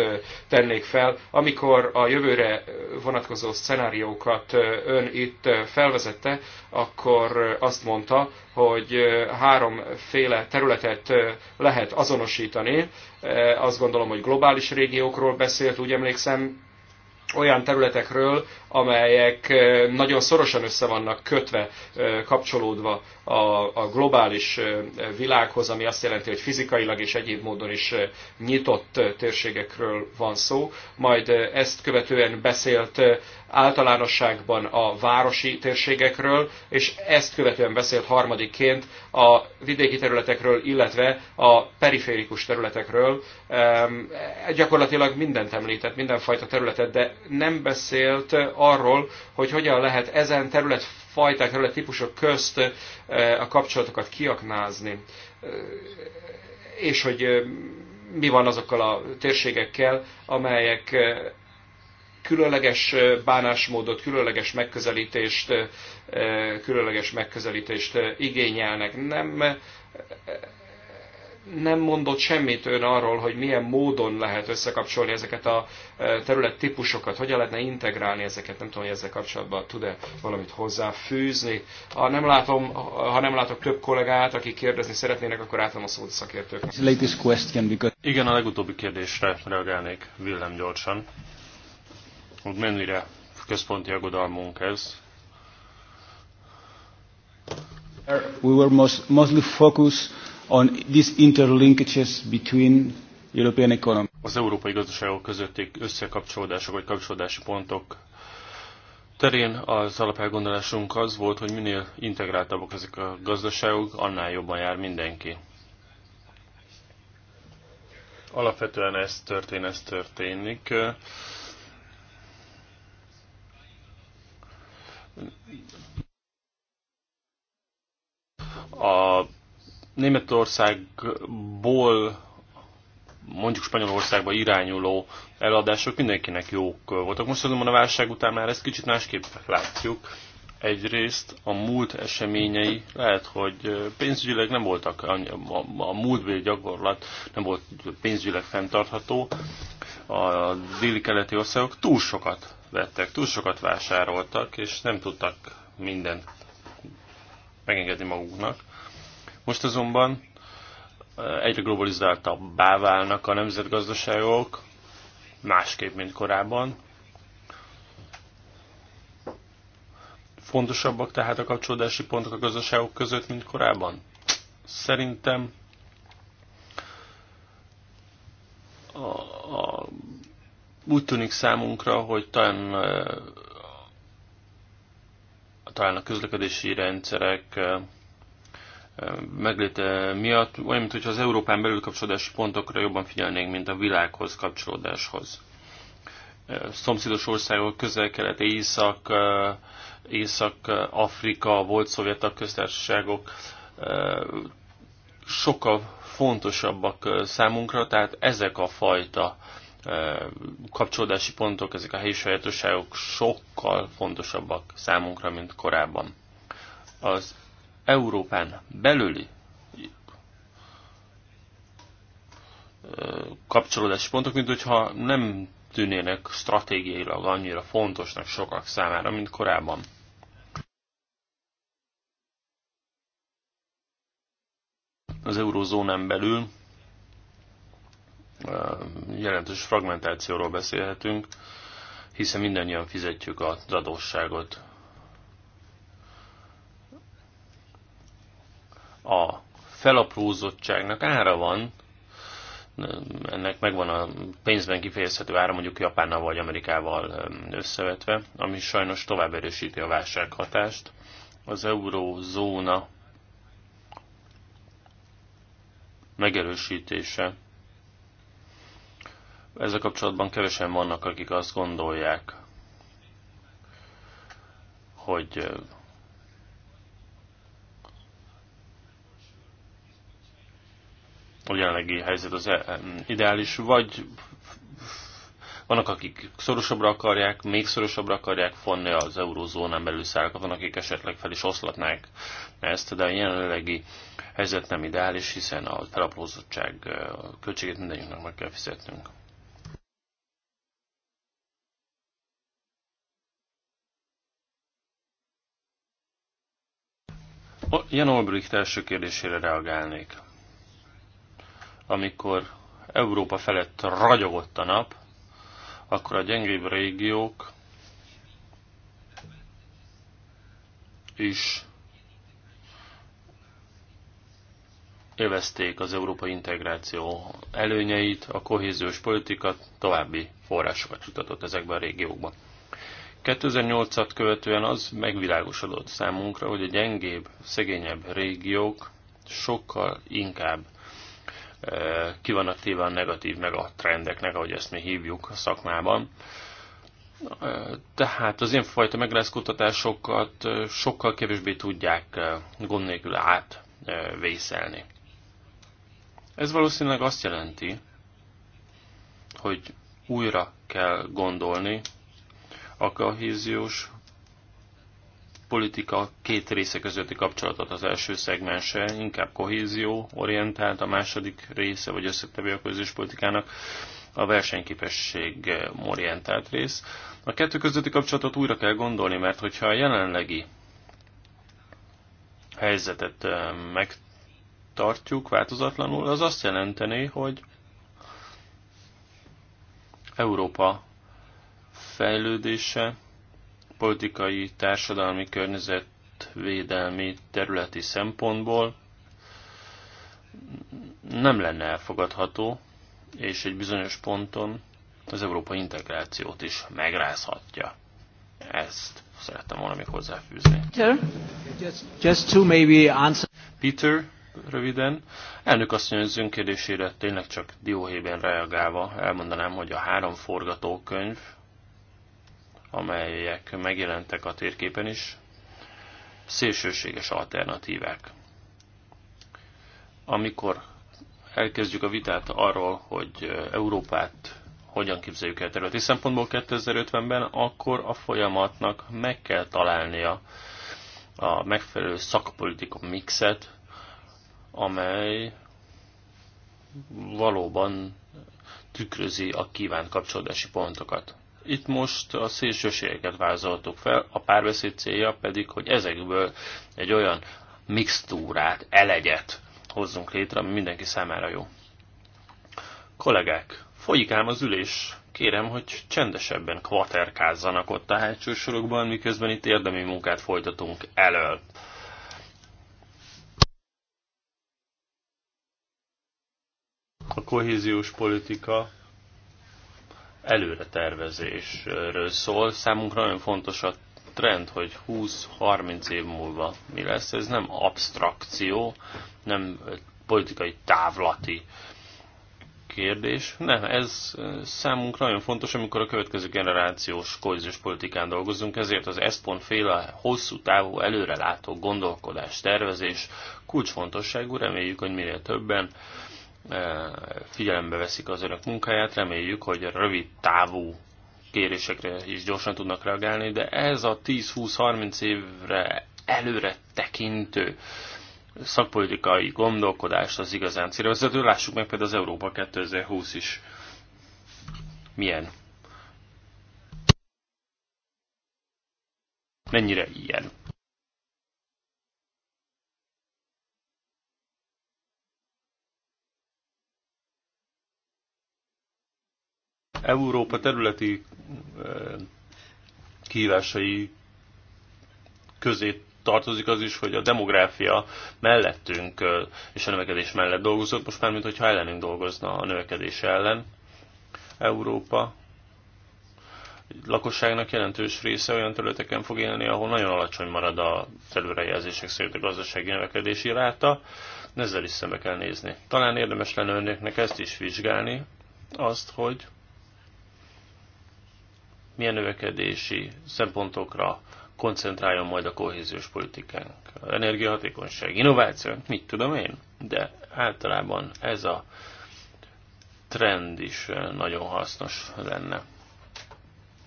C: tennék fel. Amikor a jövőre vonatkozó szenáriókat ön itt felvezette, akkor azt mondta, hogy háromféle területet lehet azonosítani. Azt gondolom, hogy globális régiókról beszélt, úgy emlékszem, olyan területekről, amelyek nagyon szorosan össze vannak kötve, kapcsolódva a, globális világhoz, ami azt jelenti, hogy fizikailag és egyéb módon is nyitott térségekről van szó. Majd ezt követően beszélt általánosságban a városi térségekről, és ezt követően beszélt harmadikként a vidéki területekről, illetve a periférikus területekről. Ehm, gyakorlatilag mindent említett, mindenfajta területet, de nem beszélt arról, hogy hogyan lehet ezen területfajták, területtípusok közt a kapcsolatokat kiaknázni, és hogy mi van azokkal a térségekkel, amelyek különleges bánásmódot, különleges megközelítést, különleges megközelítést igényelnek. Nem nem mondott semmit ön arról, hogy milyen módon lehet összekapcsolni ezeket a e, terület típusokat, hogyan lehetne integrálni ezeket, nem tudom, hogy ezzel kapcsolatban tud-e valamit hozzáfűzni. Ha nem, látom, ha nem látok több kollégát, akik kérdezni szeretnének, akkor átadom a szót a szakértőknek. Latest question, Igen, a legutóbbi
B: kérdésre reagálnék villám gyorsan. Hogy mennyire központi aggodalmunk ez,
C: We were most, mostly focused on these interlinkages between European economy. Az
B: európai gazdaságok közötti összekapcsolódások vagy kapcsolódási pontok terén az alapelgondolásunk az volt, hogy minél integráltabbak ezek a gazdaságok, annál jobban jár mindenki. Alapvetően ez történ, ez történik. A Németországból mondjuk Spanyolországba irányuló eladások mindenkinek jók voltak. Most azonban a válság után már ezt kicsit másképp látjuk. Egyrészt a múlt eseményei lehet, hogy pénzügyileg nem voltak, a múltbéli gyakorlat nem volt pénzügyileg fenntartható. A déli-keleti országok túl sokat vettek, túl sokat vásároltak, és nem tudtak mindent megengedni maguknak most azonban egyre globalizáltabbá válnak a nemzetgazdaságok, másképp, mint korábban. Fontosabbak tehát a kapcsolódási pontok a gazdaságok között, mint korábban? Szerintem a, a, úgy tűnik számunkra, hogy talán talán a közlekedési rendszerek megléte miatt olyan, mintha az Európán belül kapcsolódási pontokra jobban figyelnénk, mint a világhoz kapcsolódáshoz. Szomszédos országok, közel-kelet, észak, Észak-Afrika, volt szovjetak köztársaságok sokkal fontosabbak számunkra, tehát ezek a fajta e, kapcsolódási pontok, ezek a helyi sajátosságok sokkal fontosabbak számunkra, mint korábban. Az Európán belüli kapcsolódási pontok, mint hogyha nem tűnének stratégiailag annyira fontosnak sokak számára, mint korábban. Az eurozónán belül jelentős fragmentációról beszélhetünk, hiszen mindannyian fizetjük az adósságot a felaprózottságnak ára van, ennek megvan a pénzben kifejezhető ára mondjuk Japánnal vagy Amerikával összevetve, ami sajnos tovább erősíti a válsághatást. Az eurózóna megerősítése. Ezzel kapcsolatban kevesen vannak, akik azt gondolják, hogy a jelenlegi helyzet az eh, ideális, vagy vannak, akik szorosabbra akarják, még szorosabbra akarják fonni az eurózónán belül szárakat, vannak, akik esetleg fel is oszlatnák ezt, de a jelenlegi helyzet nem ideális, hiszen a felaprózottság eh, költségét mindenkinek meg kell fizetnünk. Jan Olbricht első kérdésére reagálnék amikor Európa felett ragyogott a nap, akkor a gyengébb régiók is élvezték az európai integráció előnyeit, a kohéziós politika további forrásokat jutatott ezekben a régiókban. 2008-at követően az megvilágosodott számunkra, hogy a gyengébb, szegényebb régiók sokkal inkább ki vannak téve a negatív meg a trendeknek, ahogy ezt mi hívjuk a szakmában. Tehát az ilyenfajta megrázkutatásokat sokkal kevésbé tudják gond nélkül átvészelni. Ez valószínűleg azt jelenti, hogy újra kell gondolni a kohéziós politika két része közötti kapcsolatot. Az első szegmense inkább kohézió orientált, a második része, vagy összetevő a közös politikának a versenyképesség orientált rész. A kettő közötti kapcsolatot újra kell gondolni, mert hogyha a jelenlegi helyzetet megtartjuk változatlanul, az azt jelenteni, hogy Európa fejlődése politikai, társadalmi környezetvédelmi területi szempontból nem lenne elfogadható, és egy bizonyos ponton az európai integrációt is megrázhatja. Ezt szerettem volna még hozzáfűzni. Peter?
A: Just, just
C: to maybe answer.
B: Peter, röviden. Elnök asszony az önkérdésére tényleg csak dióhében reagálva elmondanám, hogy a három forgatókönyv amelyek megjelentek a térképen is, szélsőséges alternatívák. Amikor elkezdjük a vitát arról, hogy Európát hogyan képzeljük el területi szempontból 2050-ben, akkor a folyamatnak meg kell találnia a megfelelő szakpolitika mixet, amely valóban tükrözi a kívánt kapcsolódási pontokat. Itt most a szélsőségeket vázoltuk fel, a párbeszéd célja pedig, hogy ezekből egy olyan mixtúrát, elegyet hozzunk létre, ami mindenki számára jó. Kollégák, folyik ám az ülés. Kérem, hogy csendesebben kvaterkázzanak ott a hátsó sorokban, miközben itt érdemi munkát folytatunk elől. A kohéziós politika előre tervezésről szól. Számunkra nagyon fontos a trend, hogy 20-30 év múlva mi lesz. Ez nem abstrakció, nem politikai távlati kérdés. Nem, ez számunkra nagyon fontos, amikor a következő generációs kohéziós politikán dolgozunk, ezért az ESPON féle hosszú távú előrelátó gondolkodás, tervezés kulcsfontosságú, reméljük, hogy minél többen figyelembe veszik az önök munkáját, reméljük, hogy a rövid távú kérésekre is gyorsan tudnak reagálni, de ez a 10-20-30 évre előre tekintő szakpolitikai gondolkodást az igazán célvezető. Lássuk meg például az Európa 2020 is milyen. Mennyire ilyen. Európa területi kihívásai közé tartozik az is, hogy a demográfia mellettünk és a növekedés mellett dolgozott, most már mintha ellenünk dolgozna a növekedés ellen. Európa lakosságnak jelentős része olyan területeken fog élni, ahol nagyon alacsony marad a előrejelzések szerint a gazdasági növekedési ráta, ezzel is szembe kell nézni. Talán érdemes lenne önöknek ezt is vizsgálni, azt, hogy milyen növekedési szempontokra koncentráljon majd a kohéziós politikánk. Energiahatékonyság, innováció, mit tudom én, de általában ez a trend is eh, nagyon hasznos lenne.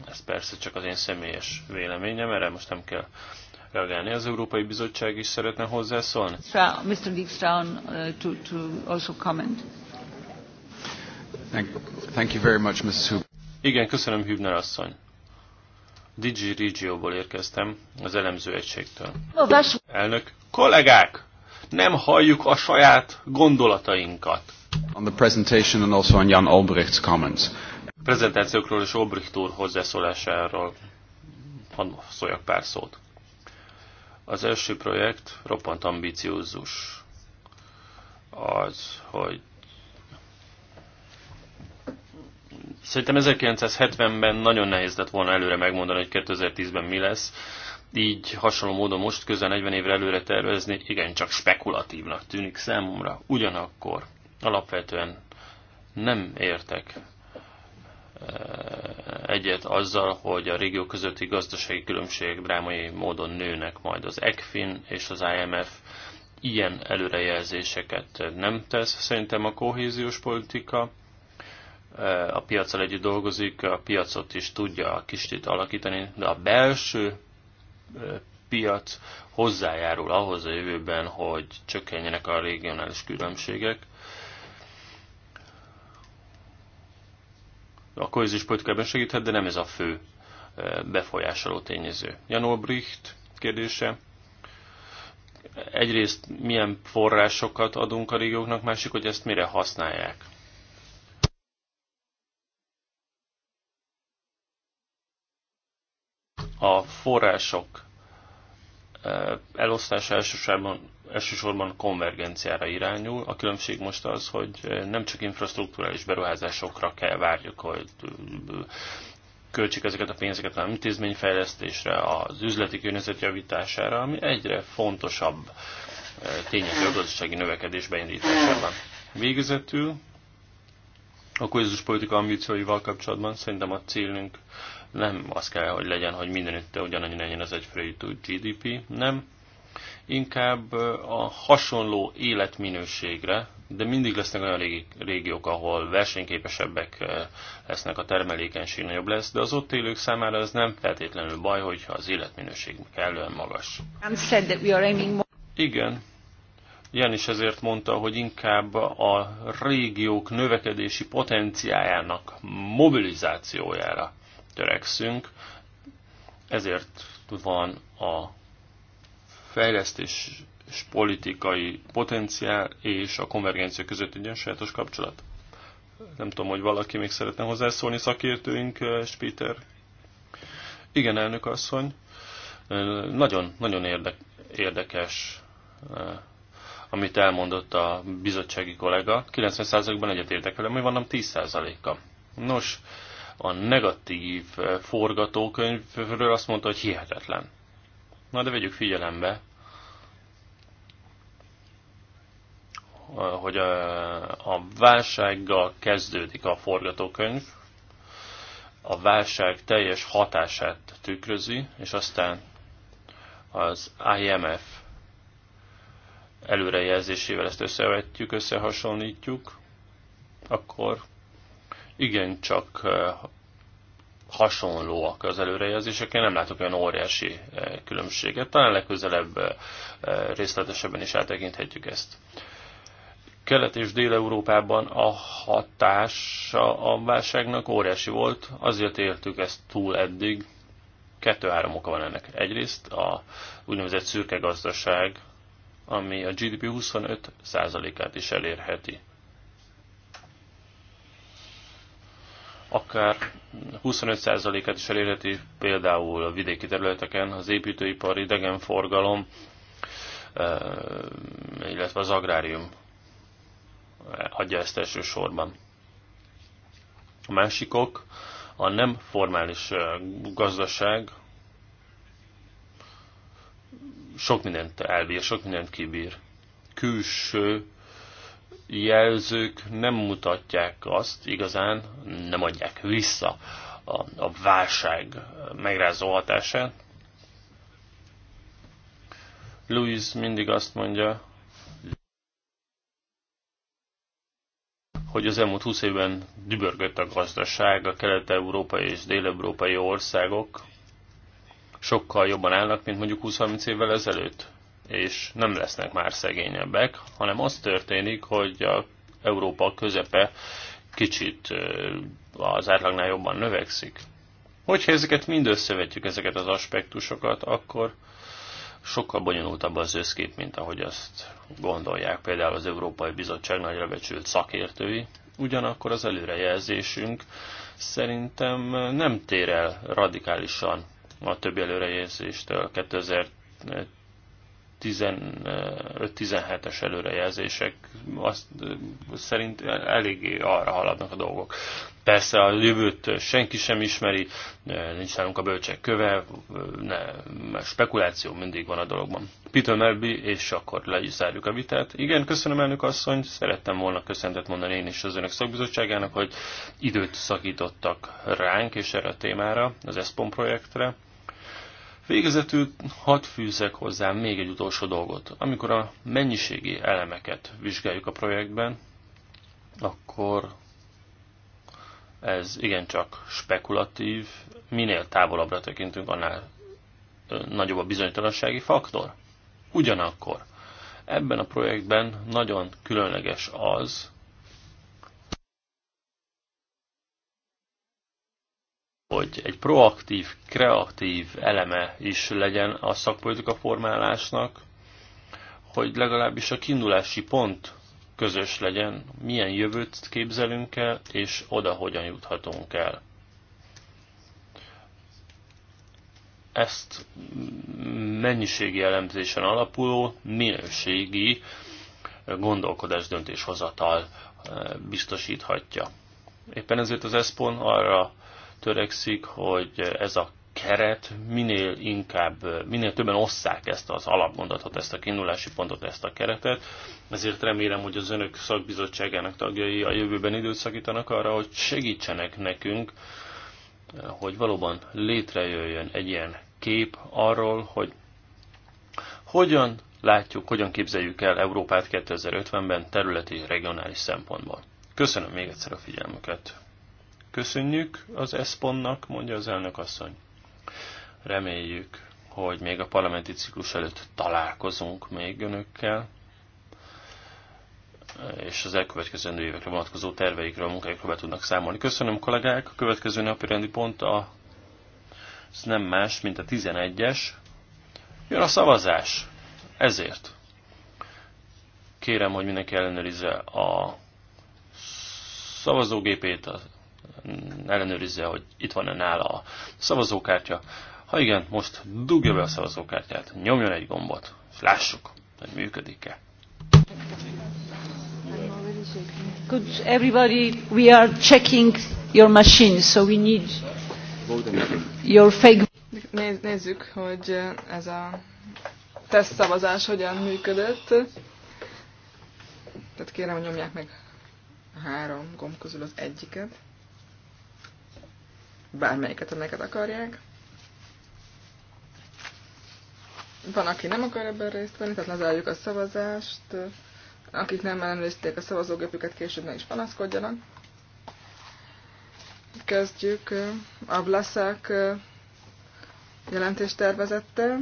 B: Ez persze csak az én személyes véleményem, erre most nem kell reagálni. Az Európai Bizottság is szeretne hozzászólni? Mr.
A: Dijkstraun, eh, to, to also comment.
B: Thank, thank you very
C: much, Mrs. Huber.
B: Igen, köszönöm Hübner asszony. Digi Regióból érkeztem, az elemző egységtől. Elnök, kollégák! Nem halljuk a saját gondolatainkat.
C: On the presentation and also on Jan Albrecht's comments. A
B: prezentációkról és Albrecht úr hozzászólásáról szóljak pár szót. Az első projekt roppant ambiciózus. Az, hogy Szerintem 1970-ben nagyon nehéz lett volna előre megmondani, hogy 2010-ben mi lesz. Így hasonló módon most közel 40 évre előre tervezni igencsak spekulatívnak tűnik számomra. Ugyanakkor alapvetően nem értek eh, egyet azzal, hogy a régió közötti gazdasági különbségek drámai módon nőnek majd az ECFIN és az IMF ilyen előrejelzéseket nem tesz. Szerintem a kohéziós politika a piacsal együtt dolgozik, a piacot is tudja a kicsit alakítani, de a belső piac hozzájárul ahhoz a jövőben, hogy csökkenjenek a regionális különbségek. A kohézis politikában segíthet, de nem ez a fő befolyásoló tényező. Jan Olbricht kérdése. Egyrészt milyen forrásokat adunk a régióknak, másik, hogy ezt mire használják. A források elosztása elsősorban, elsősorban konvergenciára irányul. A különbség most az, hogy nem csak infrastruktúrális beruházásokra kell várjuk, hogy költsük ezeket a pénzeket a intézményfejlesztésre, az üzleti környezet javítására, ami egyre fontosabb tényező a gazdasági növekedés beindításában. Végezetül a kohézus politika ambícióival kapcsolatban szerintem a célunk nem az kell, hogy legyen, hogy mindenütt ugyanannyi legyen az egyfőjű GDP, nem. Inkább a hasonló életminőségre, de mindig lesznek olyan régiók, ahol versenyképesebbek lesznek, a termelékenység nagyobb lesz, de az ott élők számára ez nem feltétlenül baj, hogyha az életminőség kellően magas. Um, Igen, Jan is ezért mondta, hogy inkább a régiók növekedési potenciájának mobilizációjára törekszünk, ezért van a fejlesztés és politikai potenciál és a konvergencia között egy sajátos kapcsolat. Nem tudom, hogy valaki még szeretne hozzászólni, szakértőink, Spíter. Eh, Igen, elnök asszony. Eh, nagyon, nagyon érdek, érdekes, eh, amit elmondott a bizottsági kollega. 90%-ban egyetértek vele, mi van 10%-a. Nos, a negatív eh, forgatókönyvről azt mondta, hogy hihetetlen. Na de vegyük figyelembe, eh, hogy eh, a válsággal kezdődik a forgatókönyv, a válság teljes hatását tükrözi, és aztán az IMF előrejelzésével ezt összevetjük, összehasonlítjuk, akkor igencsak eh, hasonlóak az előrejelzések. Én nem látok olyan óriási eh, különbséget. Talán legközelebb eh, részletesebben is eltekinthetjük ezt. Kelet és Dél-Európában a hatása a válságnak óriási volt, azért éltük ezt túl eddig. Kettő-három oka van ennek. Egyrészt a úgynevezett szürke gazdaság, ami a GDP 25%-át is elérheti. akár 25%-át is elérheti például a vidéki területeken az építőipar, idegenforgalom, illetve az agrárium adja ezt elsősorban. A másikok a nem formális gazdaság sok mindent elbír, sok mindent kibír. Külső jelzők nem mutatják azt, igazán nem adják vissza a, a válság megrázó hatását. Louis mindig azt mondja, hogy az elmúlt 20 évben dübörgött a gazdaság, a kelet-európai és dél-európai országok sokkal jobban állnak, mint mondjuk 20-30 évvel ezelőtt és nem lesznek már szegényebbek, hanem az történik, hogy a Európa közepe kicsit az átlagnál jobban növekszik. Hogyha ezeket mind összevetjük, ezeket az aspektusokat, akkor sokkal bonyolultabb az összkép, mint ahogy azt gondolják például az Európai Bizottság nagyra becsült szakértői. Ugyanakkor az előrejelzésünk szerintem nem tér el radikálisan a többi előrejelzéstől 2000 15-17-es előrejelzések azt szerint eléggé arra haladnak a dolgok. Persze a jövőt senki sem ismeri, nincs nálunk a bölcsek köve, ne, spekuláció mindig van a dologban. Peter Melby, és akkor le is zárjuk a vitát. Igen, köszönöm elnök asszony, szerettem volna köszöntet mondani én is az önök szakbizottságának, hogy időt szakítottak ránk és erre a témára, az ESPON projektre. Végezetül hat fűzek hozzá még egy utolsó dolgot. Amikor a mennyiségi elemeket vizsgáljuk a projektben, akkor ez igencsak spekulatív. Minél távolabbra tekintünk, annál nagyobb a bizonytalansági faktor. Ugyanakkor ebben a projektben nagyon különleges az, hogy egy proaktív, kreatív eleme is legyen a szakpolitika formálásnak, hogy legalábbis a kiindulási pont közös legyen, milyen jövőt képzelünk el, és oda hogyan juthatunk el. Ezt mennyiségi elemzésen alapuló, minőségi gondolkodás döntéshozatal eh, biztosíthatja. Éppen ezért az ESPON arra törekszik, hogy ez a keret minél inkább, minél többen osszák ezt az alapmondatot, ezt a kiindulási pontot, ezt a keretet. Ezért remélem, hogy az önök szakbizottságának tagjai a jövőben időt szakítanak arra, hogy segítsenek nekünk, hogy valóban létrejöjjön egy ilyen kép arról, hogy hogyan látjuk, hogyan képzeljük el Európát 2050-ben területi regionális szempontból. Köszönöm még egyszer a figyelmüket! Köszönjük az ESPON-nak, mondja az elnök asszony. Reméljük, hogy még a parlamenti ciklus előtt találkozunk még önökkel, és az elkövetkezendő évekre vonatkozó terveikről, munkáikról be tudnak számolni. Köszönöm kollégák, a következő napi rendi pont a, ez nem más, mint a 11-es. Jön a szavazás, ezért. Kérem, hogy mindenki ellenőrizze a szavazógépét, a ellenőrizze, hogy itt van-e nála a szavazókártya. Ha igen, most dugja be a szavazókártyát, nyomjon egy gombot, és lássuk, hogy működik-e.
A: Good everybody, we are checking your
C: machine, so we need your fake...
A: Néz, nézzük, hogy ez a szavazás hogyan működött. Tehát kérem, hogy nyomják meg három gomb közül az egyiket bármelyiket ennek akarják. Van, aki nem akar ebben részt venni, tehát lezárjuk a szavazást. Akik nem ellenőrizték a szavazógépüket, később ne is panaszkodjanak. Kezdjük a Blaszák tervezette,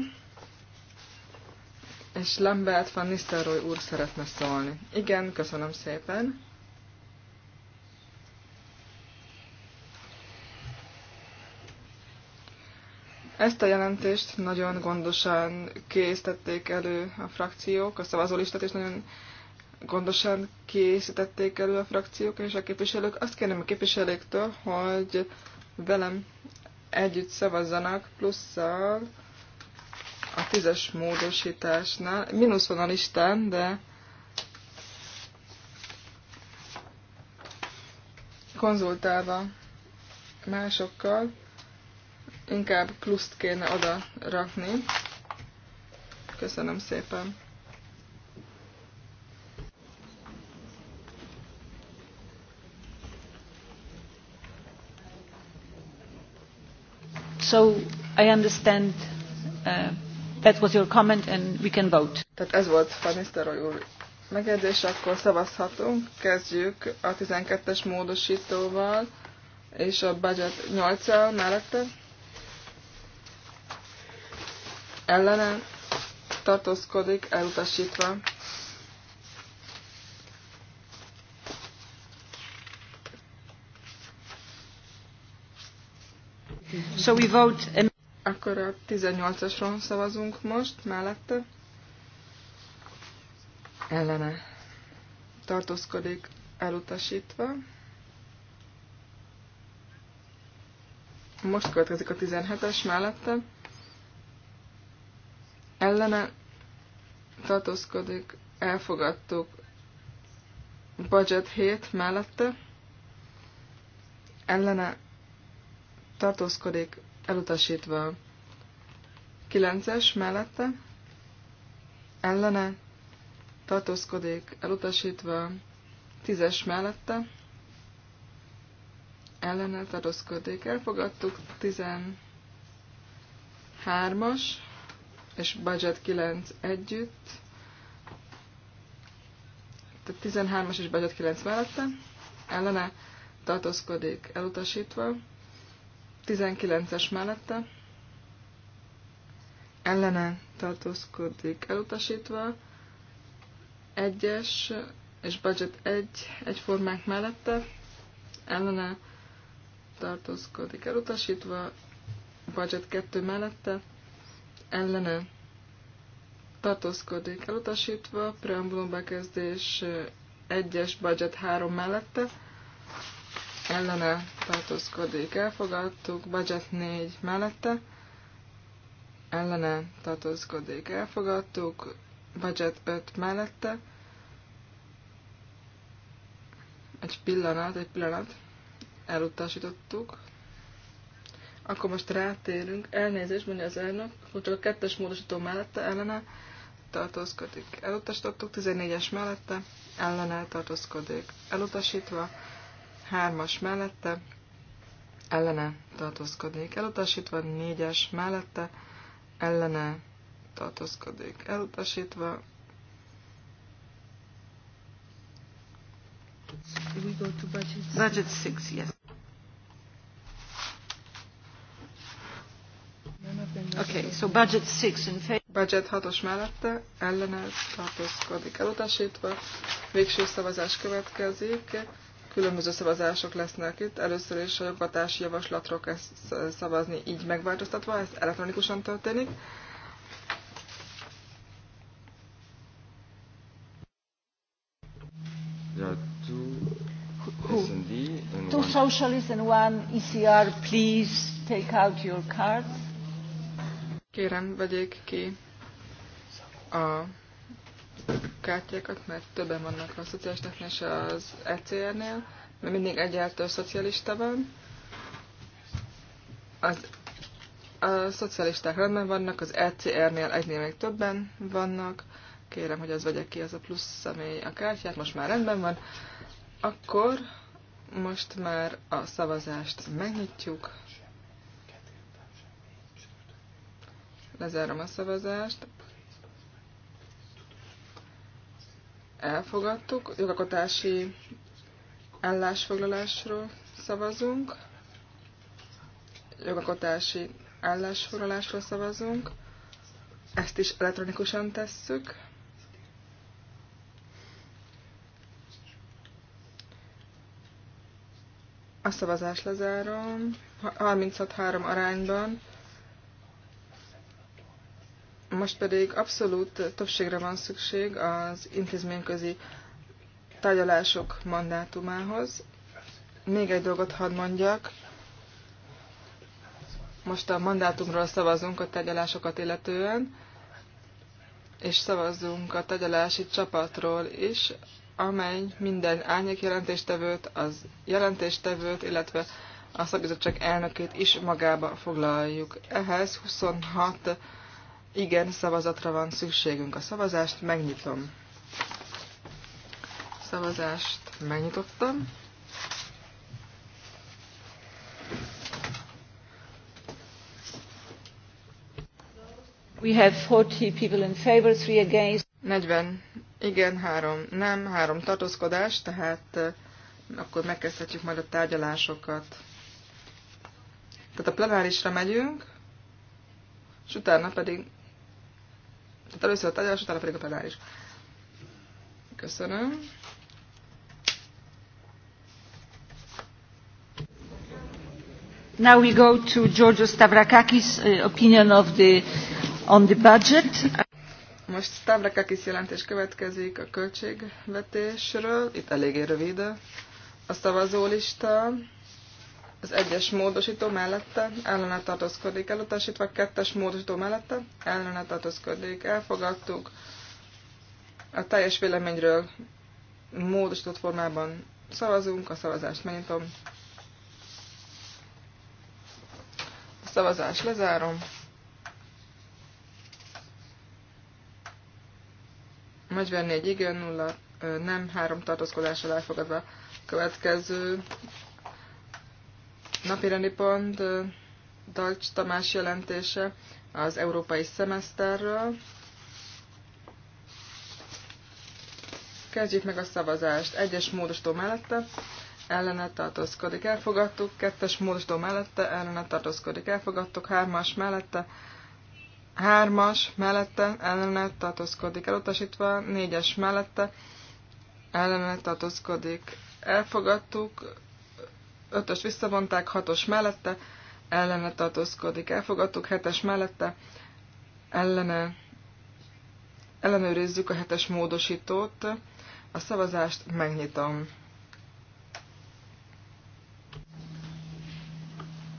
A: és Lambert van Nisztelrooy úr szeretne szólni. Igen, köszönöm szépen. Ezt a jelentést nagyon gondosan készítették elő a frakciók, a szavazólistát is nagyon gondosan készítették elő a frakciók és a képviselők. Azt kérném a képviselőktől, hogy velem együtt szavazzanak plusszal a tízes módosításnál. Mínusz van a listán, de konzultálva másokkal inkább pluszt kéne oda rakni. Köszönöm szépen. So I understand uh, that was your comment and we can vote. Tehát ez volt Fanisztaroly úr megjegyzés, akkor szavazhatunk. Kezdjük a 12-es módosítóval és a budget 8-al mellette ellene tartózkodik, elutasítva. So we vote Akkor a 18-asról szavazunk most, mellette. Ellene tartózkodik, elutasítva. Most következik a 17-es mellette ellene tartózkodik, elfogadtuk. Budget 7 mellette ellene tartózkodik, elutasítva. 9-es mellette ellene tartózkodik, elutasítva. 10-es mellette ellene tartózkodik, elfogadtuk. 13-as és budget 9 együtt. Tehát 13-as és budget 9 mellette. Ellene tartózkodik elutasítva. 19-es mellette. Ellene tartózkodik elutasítva. 1-es és budget 1 egyformák mellette. Ellene tartózkodik elutasítva. Budget 2 mellette ellene tartózkodik elutasítva, preambulum bekezdés egyes budget 3 mellette, ellene tartózkodik elfogadtuk, budget 4 mellette, ellene tartózkodik elfogadtuk, budget 5 mellette, egy pillanat, egy pillanat, elutasítottuk, akkor most rátérünk. Elnézést, mondja az elnök, hogy csak a kettes módosító mellette ellene tartózkodik. Elutasítottuk 14-es mellette, ellene tartózkodik. Elutasítva 3-as mellette, ellene tartózkodik. Elutasítva 4-es mellette, ellene tartózkodik. Elutasítva budget Budget six, yes. Okay, so budget six in favor. Budget hatos mellette ellene tartózkodik elutasítva. Végső szavazás következik. Különböző szavazások lesznek itt. Először is a jogatási javaslatról kell szavazni így megváltoztatva. Ez elektronikusan történik. Two socialists and one ECR, please take out your cards. Kérem, vegyék ki a kártyákat, mert többen vannak a szocialistáknál és az ECR-nél, mert mindig egyáltalán szocialista van. Az, a szocialisták rendben vannak, az ECR-nél egynél még többen vannak. Kérem, hogy az vegye ki az a plusz személy a kártyát, most már rendben van. Akkor most már a szavazást megnyitjuk. Lezárom a szavazást. Elfogadtuk. Jogakotási állásfoglalásról szavazunk. Jogakotási állásfoglalásról szavazunk. Ezt is elektronikusan tesszük. A szavazást lezárom. 36-3 arányban most pedig abszolút többségre van szükség az intézményközi tárgyalások mandátumához. Még egy dolgot hadd mondjak. Most a mandátumról szavazunk a tárgyalásokat illetően, és szavazzunk a tárgyalási csapatról is, amely minden árnyék jelentéstevőt, az jelentéstevőt, illetve a szakbizottság elnökét is magába foglaljuk. Ehhez 26 igen szavazatra van szükségünk. A szavazást megnyitom. Szavazást megnyitottam. We have 40 people in favor, 3 against. 40. Igen, 3. Nem, 3 tartózkodás, tehát eh, akkor megkezdhetjük majd a tárgyalásokat. Tehát a plenárisra megyünk, és utána pedig tehát először a tárgyalás, utána pedig a pedális. Köszönöm. Now we go to Giorgio Stavrakakis' uh, opinion of the, on the
C: budget.
A: Most Stavrakakis jelentés következik a költségvetésről, itt eléggé rövid a szavazólista az egyes módosító mellette ellene tartózkodik elutasítva, kettes módosító mellette ellene tartózkodik. Elfogadtuk a teljes véleményről módosított formában szavazunk, a szavazást megnyitom. A szavazást lezárom. Magyar 4 igen, 0 nem, 3 tartózkodással elfogadva. Következő napirendi pont Dalcs Tamás jelentése az európai szemeszterről. Kezdjük meg a szavazást. Egyes módosító mellette ellene tartózkodik, elfogadtuk. Kettes módosító mellette ellene tartózkodik, elfogadtuk. Hármas mellette hármas mellette ellene tartózkodik, elutasítva. Négyes mellette ellene tartózkodik, elfogadtuk ötös visszavonták, hatos mellette, ellene tartózkodik, elfogadtuk, hetes mellette, ellene ellenőrizzük a hetes módosítót, a szavazást megnyitom.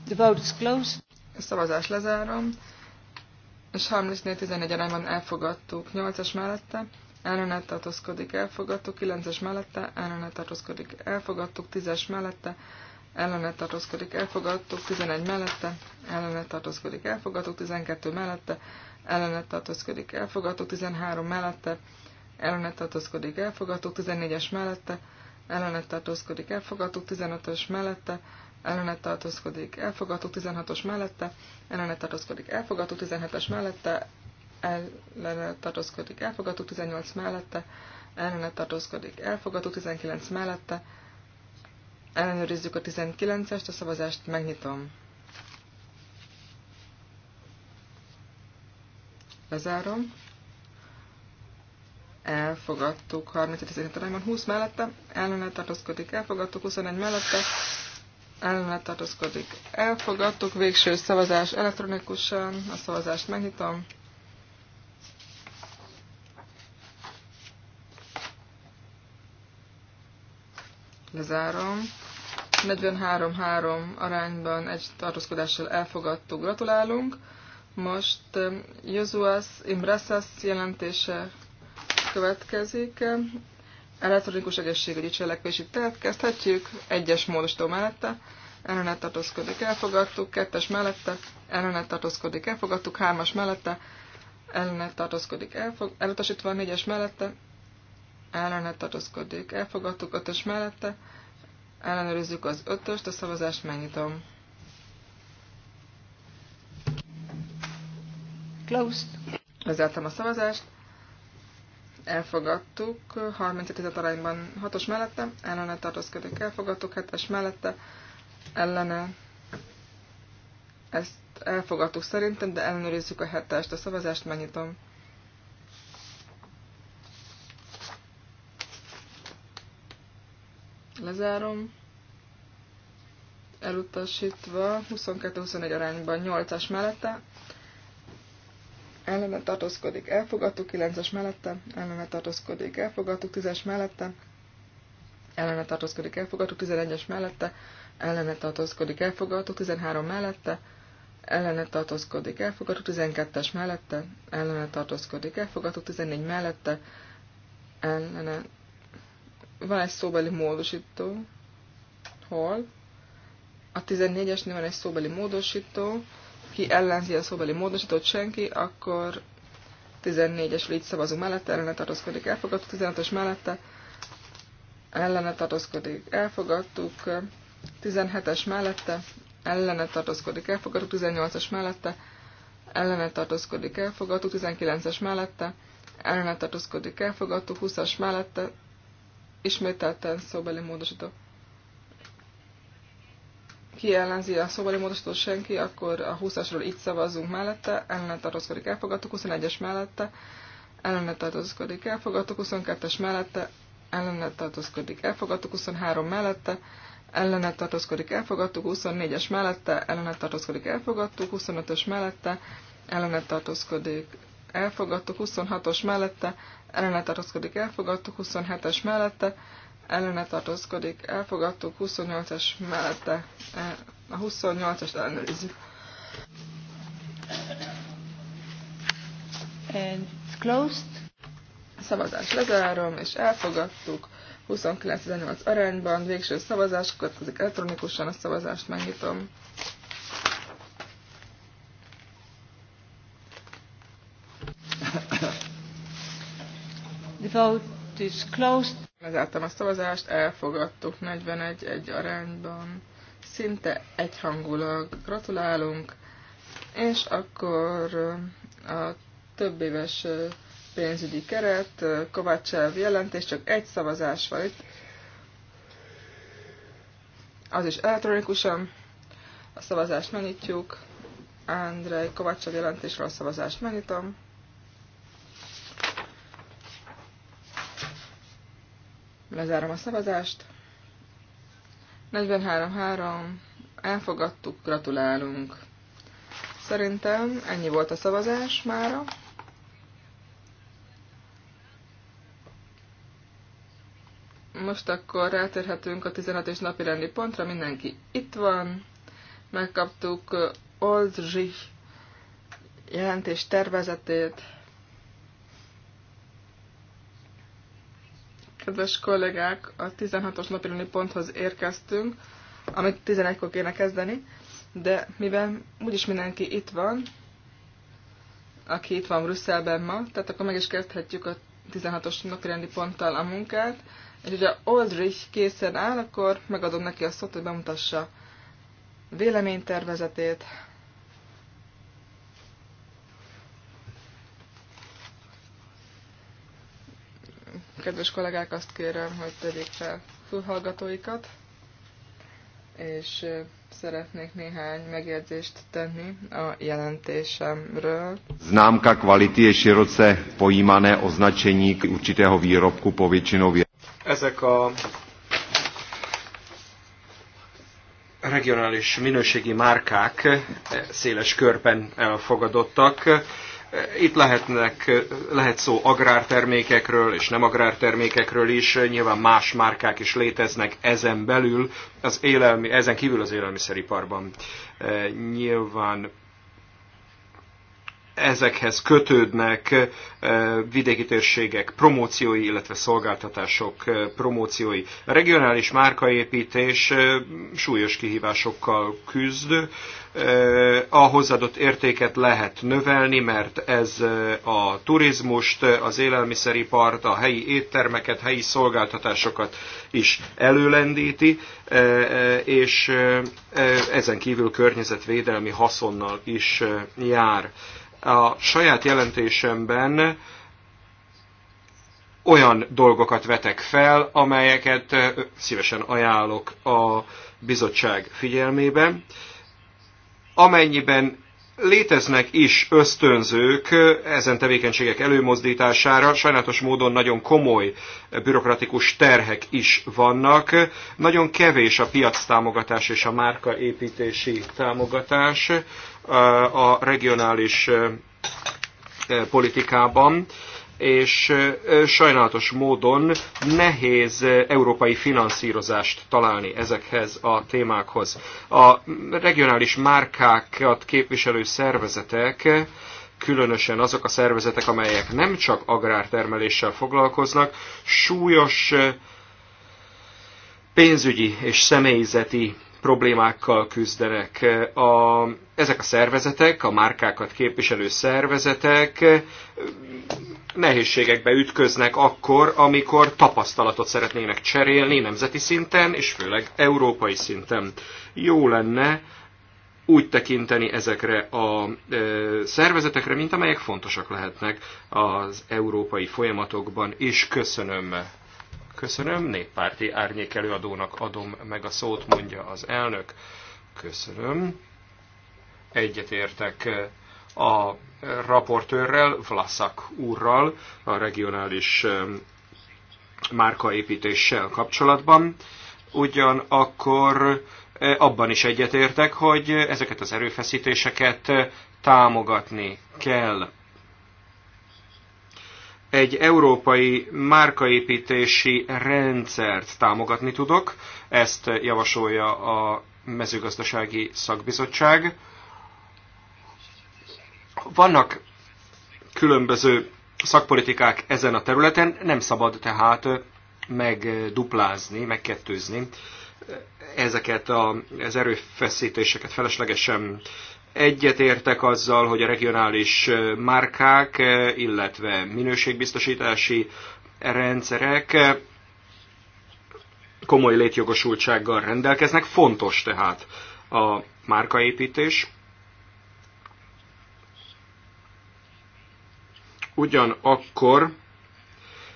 A: The vote is closed. A szavazás lezárom, és 34-11 arányban elfogadtuk. 8 es mellette ellene tartózkodik, elfogadtuk. 9-es mellette ellene tartózkodik, elfogadtuk. 10-es mellette ellene tartózkodik, elfogadtuk, 11 mellette, ellene tartózkodik, elfogadtuk, 12 mellette, ellene tartózkodik, elfogadtuk, 13 mellette, ellene tartózkodik, elfogadtuk, 14-es mellette, ellene tartózkodik, elfogadtuk, 15-ös mellette, ellene tartózkodik, elfogadtuk, 16-os mellette, ellene tartózkodik, elfogadtuk, 17-es mellette, ellene tartózkodik, elfogadtuk, 18 mellette, ellene tartózkodik, elfogadtuk, 19 mellette, Ellenőrizzük a 19-est, a szavazást megnyitom. Lezárom. Elfogadtuk 37 arányban, 20 mellette, ellenet tartozkodik, elfogadtuk 21 mellette, ellenet tartozkodik, elfogadtuk, végső szavazás elektronikusan, a szavazást megnyitom. Lezárom. 43-3 arányban egy tartózkodással elfogadtuk. Gratulálunk. Most um, Josuas Imbrasas jelentése következik. Elektronikus egészségügyi cselekvési terv. Kezdhetjük. Egyes módosító mellette. Ellenet tartózkodik, elfogadtuk. Kettes mellette. Ellenet tartózkodik, elfogadtuk. Hármas mellette. Ellenet tartózkodik, elfog... elutasítva. Négyes mellette ellene tartozkodik, Elfogadtuk ötös mellette, ellenőrizzük az ötöst, a szavazást megnyitom. Closed. Lezártam a szavazást. Elfogadtuk, 37 arányban 6-os mellette, ellene tartozkodik, elfogadtuk, 7-es mellette, ellene ezt elfogadtuk szerintem, de ellenőrizzük a hetest, a szavazást megnyitom. Lezárom. Elutasítva 22-21 arányban 8-as mellette. Ellene tartózkodik, elfogadtuk 9-es mellette. Ellene tartózkodik, elfogadtuk 10-es mellette. Ellene tartózkodik, elfogadtuk 11-es mellette. Ellene tartózkodik, elfogadtuk 13 mellette ellene tartózkodik, elfogadtuk 12-es mellette, ellene tartózkodik, elfogadtuk 14 mellette, ellene van egy szóbeli módosító. Hol? A 14-esnél van egy szóbeli módosító. Ki ellenzi a szóbeli módosítót senki, akkor 14-esről így szavazunk mellette, ellene tartozkodik elfogadtuk. 16-os mellette ellene tartozkodik elfogadtuk. 17-es mellette ellene tartozkodik elfogadtuk. 18-as mellette ellene tartozkodik elfogadtuk. 19-es mellette ellene tartozkodik elfogadtuk. 20-as mellette Ismételten szóbeli módosító. Ki ellenzi a szóbeli módosítót senki, akkor a 20-asról itt szavazzunk mellette, ellene tartózkodik, elfogadtuk, 21-es mellette, ellene tartózkodik, elfogadtuk, 22-es mellette, ellene tartózkodik, elfogadtuk, 23 mellette, ellene tartózkodik, elfogadtuk, 24-es mellette, ellene tartózkodik, elfogadtuk, 25-ös mellette, ellene tartózkodik, elfogadtuk, 26-os mellette ellene tartózkodik, elfogadtuk, 27-es mellette ellene tartózkodik, elfogadtuk, 28-es mellette e, a 28-est ellenőrizzük. And it's closed. Szavazás lezárom, és elfogadtuk. 29-18 arányban végső szavazás, következik elektronikusan a szavazást, megnyitom. Vote is closed. Lezártam a szavazást, elfogadtuk 41 egy arányban. Szinte egyhangulag gratulálunk. És akkor a több éves pénzügyi keret, Kovácsev jelentés, csak egy szavazás van itt. Az is elektronikusan. A szavazást megnyitjuk. Andrei Kovácsev jelentésről a szavazást megnyitom. Lezárom a szavazást. 43-3. Elfogadtuk, gratulálunk. Szerintem ennyi volt a szavazás mára. Most akkor rátérhetünk a 16 és napi rendi pontra, mindenki itt van. Megkaptuk Oldrich jelentés tervezetét. Kedves kollégák, a 16-os napirendi ponthoz érkeztünk, amit 11-kor kéne kezdeni, de mivel úgyis mindenki itt van, aki itt van Brüsszelben ma, tehát akkor meg is kezdhetjük a 16-os napirendi ponttal a munkát, és hogyha Oldrich készen áll, akkor megadom neki a szót, hogy bemutassa véleménytervezetét, Kedves kollégák, azt kérem, hogy tegyék fel fülhallgatóikat, és szeretnék néhány megjegyzést tenni a jelentésemről.
C: Známka kvality és široce pojímané označení určitého výrobku povětšinově. Ezek a regionális minőségi márkák széles körben elfogadottak itt lehetnek, lehet szó agrártermékekről és nem agrártermékekről is, nyilván más márkák is léteznek ezen belül, az élelmi, ezen kívül az élelmiszeriparban. Nyilván ezekhez kötődnek eh, vidéki térségek promóciói, illetve szolgáltatások eh, promóciói. A regionális márkaépítés eh, súlyos kihívásokkal küzd, a hozzáadott értéket lehet növelni, mert ez a turizmust, az élelmiszeripart, a helyi éttermeket, helyi szolgáltatásokat is előlendíti, és ezen kívül környezetvédelmi haszonnal is jár a saját jelentésemben olyan dolgokat vetek fel, amelyeket szívesen ajánlok a bizottság figyelmébe. Amennyiben Léteznek is ösztönzők ezen tevékenységek előmozdítására, sajnálatos módon nagyon komoly bürokratikus terhek is vannak. Nagyon kevés a piac támogatás és a márkaépítési támogatás eh, a regionális eh, politikában és sajnálatos módon nehéz európai finanszírozást találni ezekhez a témákhoz. A regionális márkákat képviselő szervezetek különösen azok a szervezetek, amelyek nem csak agrártermeléssel foglalkoznak, súlyos pénzügyi és személyzeti problémákkal küzdenek. A, ezek a szervezetek, a márkákat képviselő szervezetek nehézségekbe ütköznek akkor, amikor tapasztalatot szeretnének cserélni nemzeti szinten, és főleg európai szinten. Jó lenne úgy tekinteni ezekre a szervezetekre, mint amelyek fontosak lehetnek az európai folyamatokban, és köszönöm Köszönöm, néppárti árnyék előadónak adom meg a szót, mondja az elnök. Köszönöm. Egyetértek eh, a raportőrrel, Vlaszak úrral, a regionális eh, márkaépítéssel kapcsolatban. Ugyanakkor eh, abban is egyetértek, hogy ezeket az erőfeszítéseket támogatni kell egy európai márkaépítési rendszert támogatni tudok, ezt javasolja a mezőgazdasági szakbizottság. Vannak különböző szakpolitikák ezen a területen, nem szabad tehát megduplázni, megkettőzni ezeket az erőfeszítéseket feleslegesen Egyetértek azzal, hogy a regionális márkák, illetve minőségbiztosítási rendszerek komoly létjogosultsággal rendelkeznek. Fontos tehát a márkaépítés. Ugyanakkor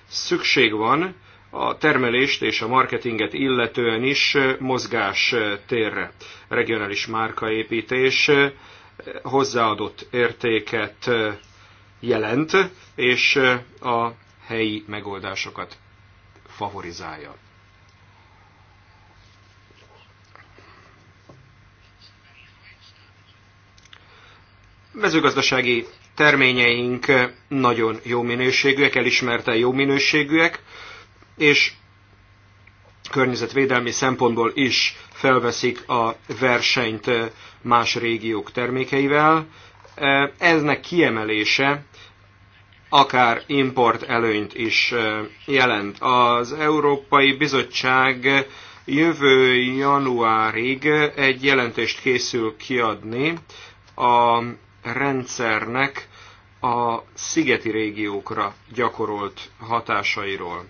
C: szükség van a termelést és a marketinget illetően is mozgás térre. Regionális márkaépítés hozzáadott értéket jelent, és a helyi megoldásokat favorizálja. Mezőgazdasági terményeink nagyon jó minőségűek, elismerte jó minőségűek, és környezetvédelmi szempontból is felveszik a versenyt eh, más régiók termékeivel. Eh, eznek kiemelése akár import előnyt is eh, jelent. Az Európai Bizottság jövő januárig egy jelentést készül kiadni a rendszernek a szigeti régiókra gyakorolt hatásairól.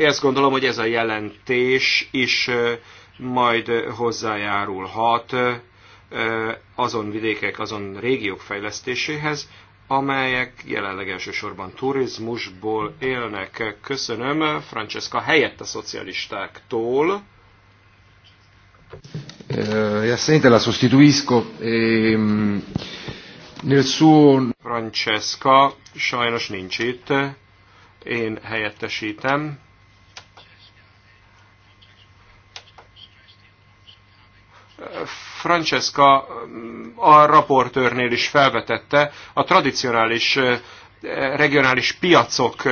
C: Én ezt gondolom, hogy ez a jelentés is majd hozzájárulhat azon vidékek, azon régiók fejlesztéséhez, amelyek jelenleg elsősorban turizmusból élnek. Köszönöm Francesca helyett a szocialistáktól. Eh, assente la sostituisco. Ehm, nel suo... Francesca sajnos nincs itt. Én helyettesítem. Francesca a raportőrnél is felvetette, a tradicionális regionális piacok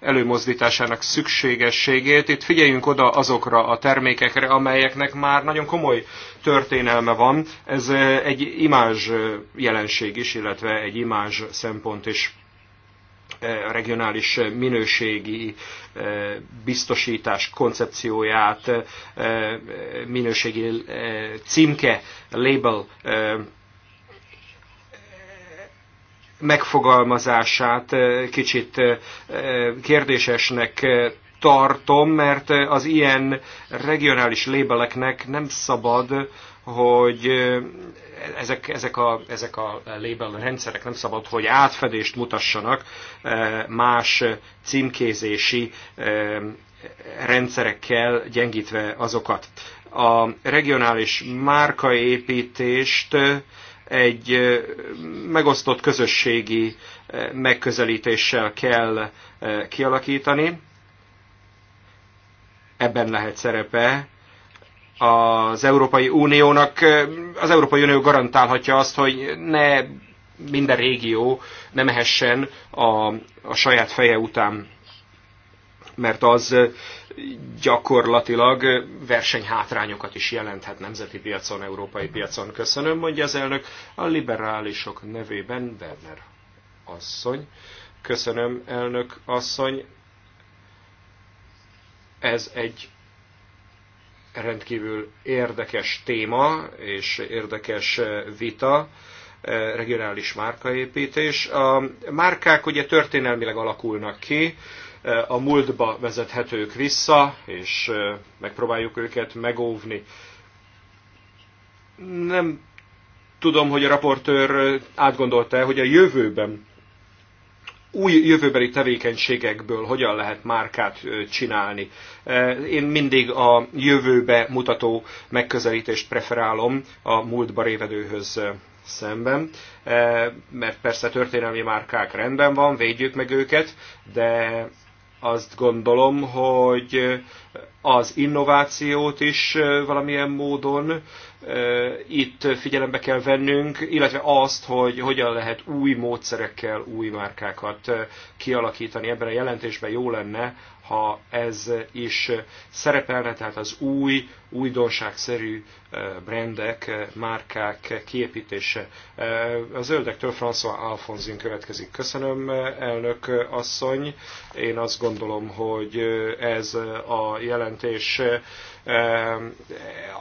C: előmozdításának szükségességét. Itt figyeljünk oda azokra a termékekre, amelyeknek már nagyon komoly történelme van. Ez egy imázs jelenség is, illetve egy imázs szempont is. E, a regionális minőségi e, biztosítás koncepcióját, e, minőségi címke, label megfogalmazását kicsit kérdésesnek tartom, mert az ilyen regionális lébeleknek nem szabad hogy ezek, ezek, a, ezek a label rendszerek nem szabad, hogy átfedést mutassanak más címkézési rendszerekkel gyengítve azokat. A regionális márkaépítést egy megosztott közösségi megközelítéssel kell kialakítani. Ebben lehet szerepe az Európai Uniónak, az Európai Unió garantálhatja azt, hogy ne minden régió ne mehessen a, a saját feje után, mert az gyakorlatilag versenyhátrányokat is jelenthet nemzeti piacon, európai piacon. Köszönöm, mondja az elnök a liberálisok nevében, Werner asszony. Köszönöm, elnök asszony. Ez egy rendkívül érdekes téma és érdekes eh, vita, eh, regionális márkaépítés. A márkák ugye történelmileg alakulnak ki, eh, a múltba vezethetők vissza, és megpróbáljuk őket megóvni. Nem tudom, hogy a raportőr átgondolta-e, hogy a jövőben új jövőbeli tevékenységekből hogyan lehet márkát csinálni. Én mindig a jövőbe mutató megközelítést preferálom a múltba révedőhöz szemben, mert persze történelmi márkák rendben van, védjük meg őket, de azt gondolom, hogy az innovációt is valamilyen módon itt figyelembe kell vennünk, illetve azt, hogy hogyan lehet új módszerekkel új márkákat kialakítani. Ebben a jelentésben jó lenne ha ez is szerepelne, tehát az új, újdonságszerű brendek, márkák kiépítése. A zöldektől François Alfonzin következik. Köszönöm, elnök asszony. Én azt gondolom, hogy ez a jelentés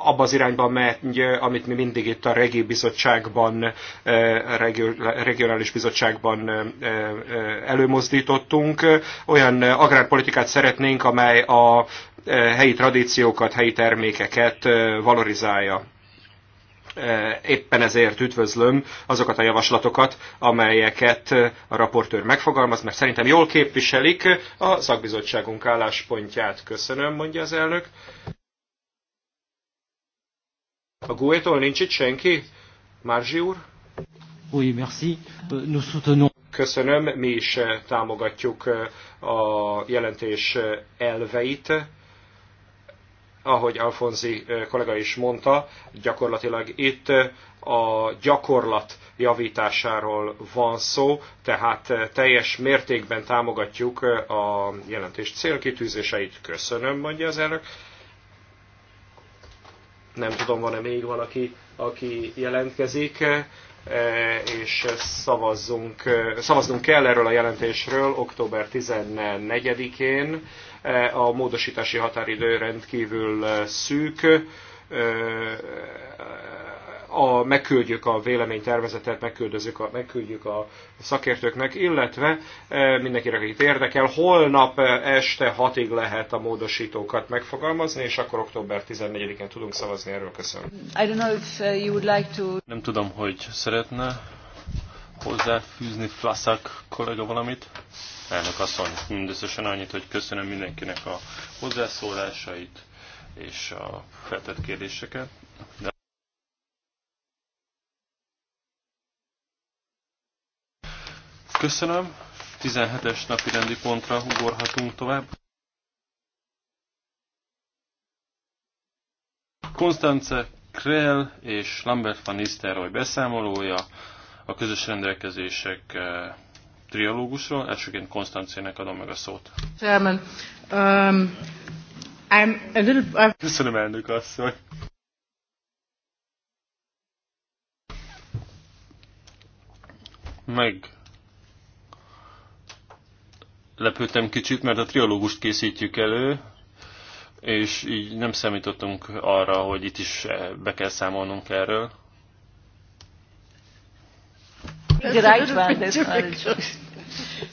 C: abba az irányba megy, amit mi mindig itt a regi bizottságban, regionális bizottságban előmozdítottunk. Olyan agrárpolitikát szeretnénk, amely a eh, helyi tradíciókat, helyi termékeket eh, valorizálja. Eh, éppen ezért üdvözlöm azokat a javaslatokat, amelyeket a raportőr megfogalmaz, mert szerintem jól képviselik a szakbizottságunk álláspontját. Köszönöm, mondja az elnök. A GUE-tól nincs itt senki? Márzsi úr? Oui, merci. Nous soutenons... Köszönöm, mi is eh, támogatjuk eh, a jelentés eh, elveit. Ahogy Alfonzi kollega is mondta, gyakorlatilag itt a gyakorlat javításáról van szó, tehát teljes mértékben támogatjuk a jelentés célkitűzéseit. Köszönöm, mondja az elnök. Nem tudom, van-e még valaki, aki jelentkezik. Eh, és szavazzunk, eh, szavaznunk kell erről a jelentésről október 14-én. Eh, a módosítási határidő rendkívül szűk a, megküldjük a véleménytervezetet, megküldözük a, megküldjük a szakértőknek, illetve e, mindenkinek, akit érdekel, holnap e, este hatig lehet a módosítókat megfogalmazni, és akkor október 14-én tudunk szavazni erről. Köszönöm.
B: I don't know
A: if uh, you would like to...
B: Nem tudom, hogy szeretne hozzáfűzni Flaszak kollega valamit. Elnök asszony, mindösszesen annyit, hogy köszönöm mindenkinek a hozzászólásait és a feltett kérdéseket. De Köszönöm. 17-es napi rendi pontra ugorhatunk tovább. Konstance Krell és Lambert van Nisztelrooy beszámolója a közös rendelkezések eh, trialógusról. Elsőként Konstancének adom meg a szót.
C: Chairman, um, I'm a little, I'm... Uh,
B: Köszönöm, elnök asszony. Meg lepődtem kicsit, mert a triológust készítjük elő, és így nem számítottunk arra, hogy itt is eh, be kell számolnunk erről.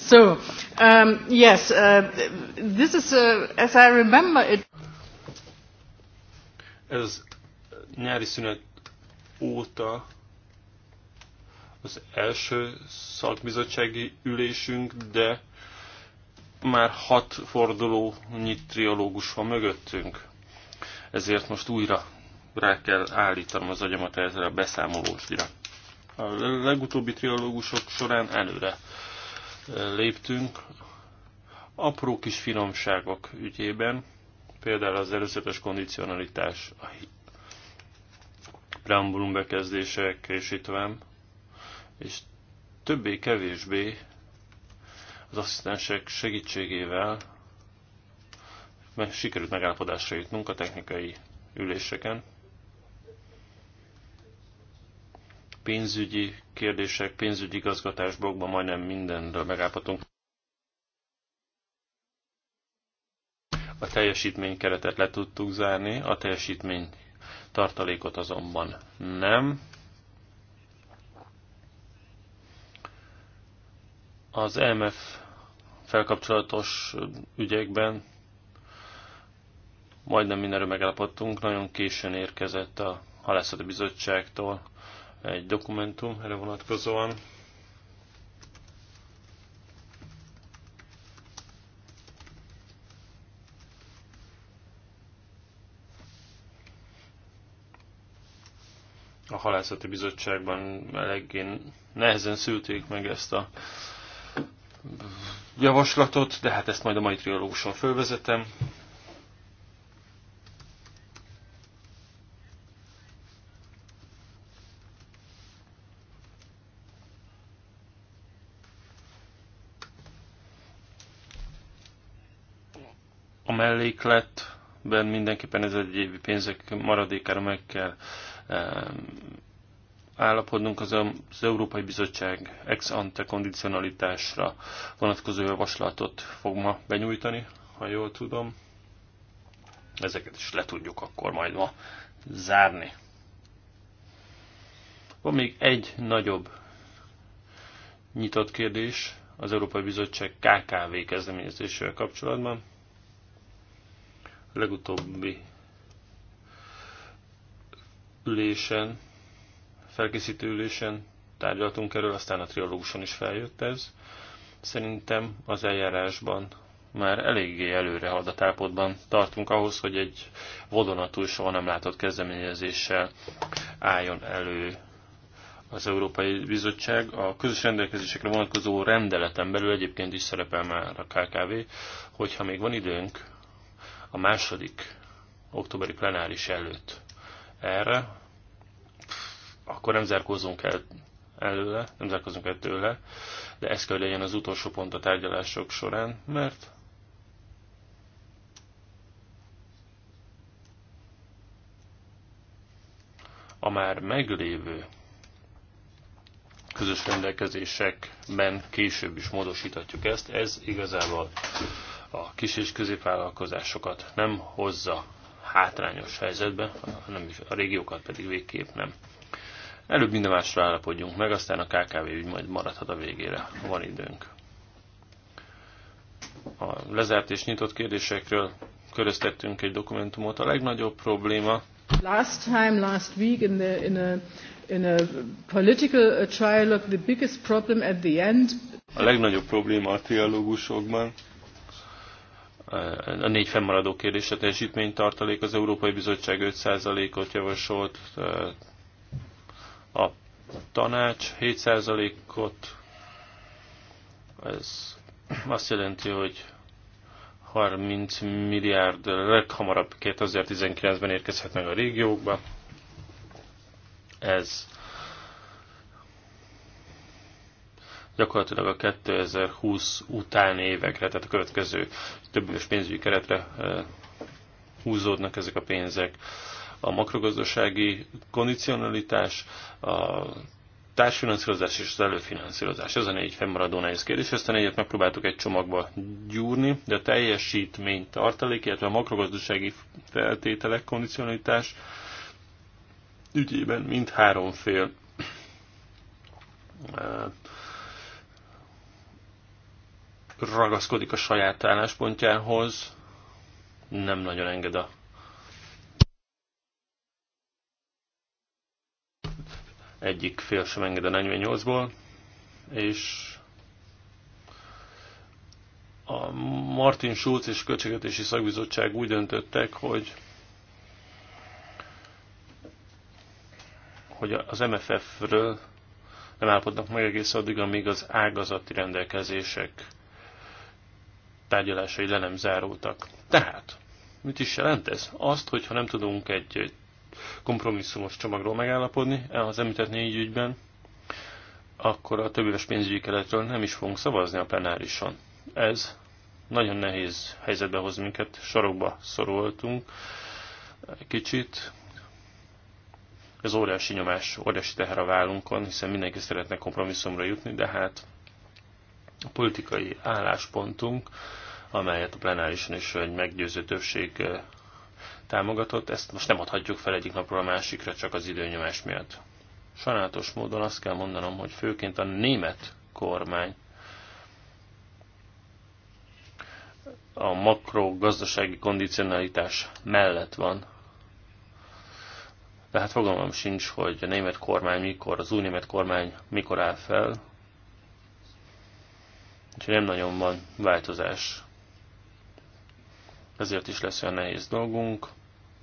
C: So, um, yes, uh,
A: this is, uh, as I remember it...
B: Ez nyári szünet óta az első szakbizottsági ülésünk, de már hat forduló triológus van mögöttünk, ezért most újra rá kell állítanom az agyamat ezzel a beszámolósdira. A legutóbbi triológusok során előre e, léptünk, apró kis finomságok ügyében, például az előzetes kondicionalitás, a preambulum bekezdések, és itt van, és többé-kevésbé az asszisztensek segítségével meg, sikerült megállapodásra jutnunk a technikai üléseken. Pénzügyi kérdések, pénzügyi igazgatás blogban majdnem mindenről megállapodtunk. A teljesítmény keretet le tudtuk zárni, a teljesítmény tartalékot azonban nem. Az EMF felkapcsolatos ügyekben majdnem mindenről megállapodtunk, nagyon későn érkezett a Halászati Bizottságtól egy dokumentum erre vonatkozóan. A halászati bizottságban eléggé nehezen szülték meg ezt a javaslatot, de hát ezt majd a mai triológuson fölvezetem. A mellékletben mindenképpen ez egy évi pénzek maradékára meg kell eh, állapodnunk az, az Európai Bizottság ex ante kondicionalitásra vonatkozó javaslatot fog ma benyújtani, ha jól tudom. Ezeket is le tudjuk akkor majd ma zárni. Van még egy nagyobb nyitott kérdés az Európai Bizottság KKV kezdeményezésével kapcsolatban. A legutóbbi ülésen felkészítő ülésen tárgyaltunk erről, aztán a trialóguson is feljött ez. Szerintem az eljárásban már eléggé előre a állapotban tartunk ahhoz, hogy egy vadonatúj soha nem látott kezdeményezéssel álljon elő az Európai Bizottság. A közös rendelkezésekre vonatkozó rendeleten belül egyébként is szerepel már a KKV, hogyha még van időnk a második októberi plenáris előtt erre, akkor nem zárkózunk el előle, nem zárkózunk el tőle, de ez kell legyen az utolsó pont a tárgyalások során, mert a már meglévő közös rendelkezésekben később is módosíthatjuk ezt. Ez igazából a kis és középvállalkozásokat nem hozza hátrányos helyzetbe, hanem is a régiókat pedig végképp nem. Előbb minden másra állapodjunk meg, aztán a KKV ügy majd maradhat a végére, ha van időnk. A lezárt és nyitott kérdésekről köröztettünk egy dokumentumot. A legnagyobb probléma...
A: Last time, last week in, the, in, a, in a political trialogue, the biggest problem at the end...
B: A legnagyobb probléma a trialógusokban a négy fennmaradó kérdés, a teljesítménytartalék, az Európai Bizottság 5%-ot javasolt, a tanács 7%-ot, ez azt jelenti, hogy 30 milliárd leghamarabb 2019-ben érkezhet meg a régiókba. Ez gyakorlatilag a 2020 utáni évekre, tehát a következő több pénzügyi keretre eh, húzódnak ezek a pénzek a makrogazdasági kondicionalitás, a társfinanszírozás és az előfinanszírozás. Ez a négy fennmaradó nehéz kérdés. a négyet megpróbáltuk egy csomagba gyúrni, de a teljesítmény tartalék, illetve a makrogazdasági feltételek, kondicionalitás ügyében mind három fél eh, ragaszkodik a saját álláspontjához, nem nagyon enged a egyik fél sem enged a 48-ból, és a Martin Schulz és Költségetési Szakbizottság úgy döntöttek, hogy hogy az MFF-ről nem állapodnak meg egész addig, amíg az ágazati rendelkezések tárgyalásai le nem zárultak. Tehát, mit is jelent ez? Azt, hogyha nem tudunk egy kompromisszumos csomagról megállapodni e az említett négy ügyben, akkor a többéves pénzügyi keletről nem is fogunk szavazni a plenárison. Ez nagyon nehéz helyzetbe hoz minket, sarokba szoroltunk kicsit. Ez óriási nyomás, óriási teher a vállunkon, hiszen mindenki szeretne kompromisszumra jutni, de hát a politikai álláspontunk, amelyet a plenárison is egy meggyőző többség támogatott, ezt most nem adhatjuk fel egyik napról a másikra csak az időnyomás miatt. Sajnálatos módon azt kell mondanom, hogy főként a német kormány a makrogazdasági kondicionalitás mellett van. De hát fogalmam sincs, hogy a német kormány mikor, az új német kormány mikor áll fel. Úgyhogy nem nagyon van változás. Ezért is lesz olyan nehéz dolgunk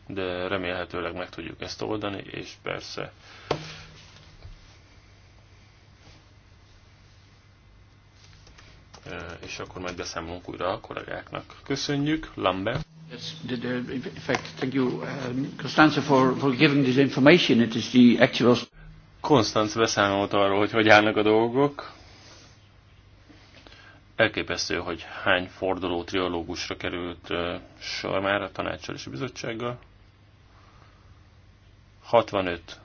B: de remélhetőleg meg tudjuk ezt oldani, és persze és akkor majd beszámolunk újra a kollégáknak. Köszönjük, Lambert! Yes, in fact, thank you, um, Costanza, for, for giving this information. It is the actual... Konstanz beszámolt arról, hogy hogy állnak a dolgok. Elképesztő, hogy hány forduló triológusra került sor már a tanácssal és a bizottsággal. 65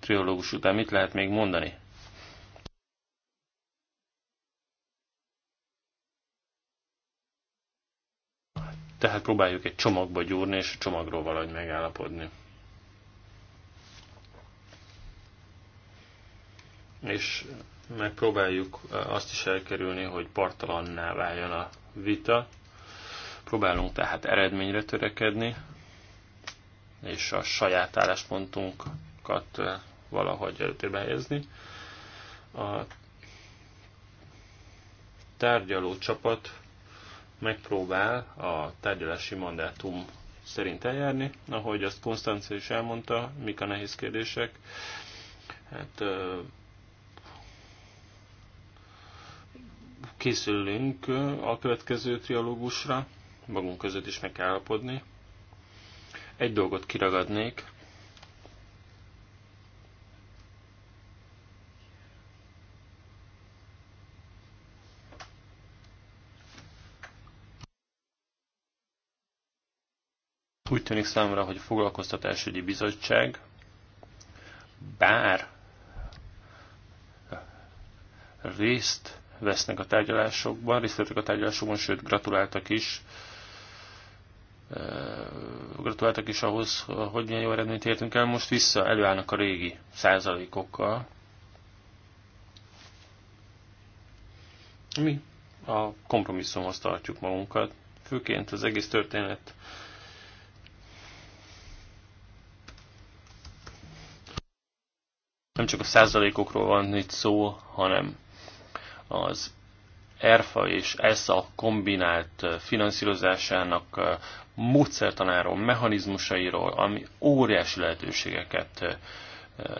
B: triológus után mit lehet még mondani? Tehát próbáljuk egy csomagba gyúrni, és a csomagról valahogy megállapodni. És megpróbáljuk azt is elkerülni, hogy partalanná váljon a vita. Próbálunk tehát eredményre törekedni, és a saját álláspontunkat valahogy előtérbe helyezni. A tárgyaló csapat megpróbál a tárgyalási mandátum szerint eljárni, ahogy azt Konstancia is elmondta, mik a nehéz kérdések. Hát készülünk a következő trialógusra, magunk között is meg kell állapodni, egy dolgot kiragadnék. Úgy tűnik számomra, hogy a foglalkoztatásügyi bizottság bár részt vesznek a tárgyalásokban, részt vettek a tárgyalásokban, sőt gratuláltak is gratuláltak is ahhoz, hogy milyen jó eredményt értünk el. Most vissza előállnak a régi százalékokkal. Mi a kompromisszumhoz tartjuk magunkat. Főként az egész történet nem csak a százalékokról van itt szó, hanem az ERFA és ESA kombinált eh, finanszírozásának eh, módszertanáról, mechanizmusairól, ami óriási lehetőségeket eh,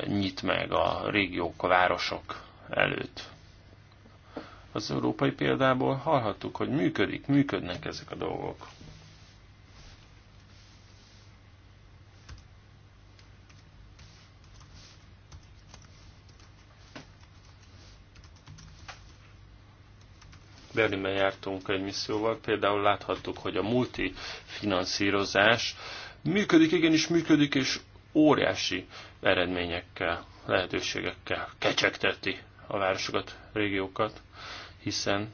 B: nyit meg a régiók, a városok előtt. Az európai példából hallhattuk, hogy működik, működnek ezek a dolgok. Berlinben jártunk egy misszióval, például láthattuk, hogy a multifinanszírozás működik, igenis működik, és óriási eredményekkel, lehetőségekkel kecsegteti a városokat, régiókat, hiszen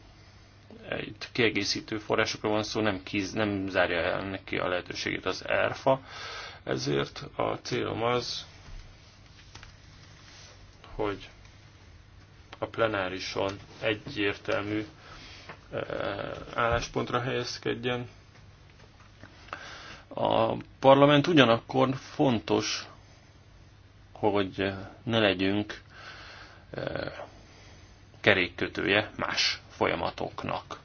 B: itt kiegészítő forrásokra van szó, nem, kiz, nem zárja el neki a lehetőségét az ERFA, ezért a célom az, hogy a plenárison egyértelmű álláspontra helyezkedjen. A parlament ugyanakkor fontos, hogy ne legyünk kerékkötője más folyamatoknak.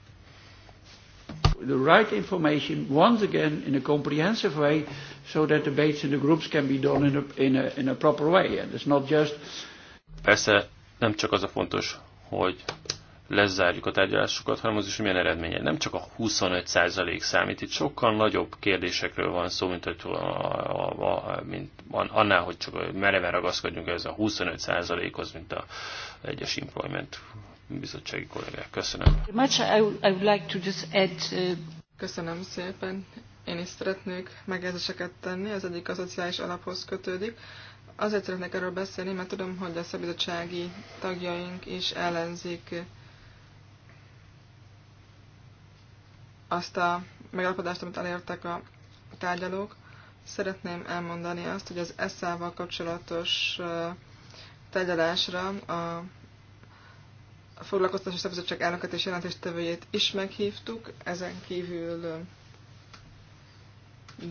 C: The right information once again in a comprehensive way so that debates in the groups can be done in a, in a, in a proper way. And it's not just...
B: Persze nem csak az a fontos, hogy lezárjuk a tárgyalásokat, hanem az is, hogy milyen eredménye. Nem csak a 25% számít, itt sokkal nagyobb kérdésekről van szó, mint, hogy, a, a, a, mint annál, hogy csak mereven ragaszkodjunk ez a 25%-hoz, mint a egyes employment bizottsági kollégák. Köszönöm.
A: Uh, Köszönöm szépen. Én is szeretnék megjegyzéseket tenni, az egyik a szociális alaphoz kötődik. Azért szeretnék erről beszélni, mert tudom, hogy a szabizottsági tagjaink is ellenzik azt a megállapodást, amit elértek a tárgyalók. Szeretném elmondani azt, hogy az ESZÁ-val kapcsolatos tárgyalásra a foglalkoztatási szabadság elnöket és jelentéstevőjét is meghívtuk. Ezen kívül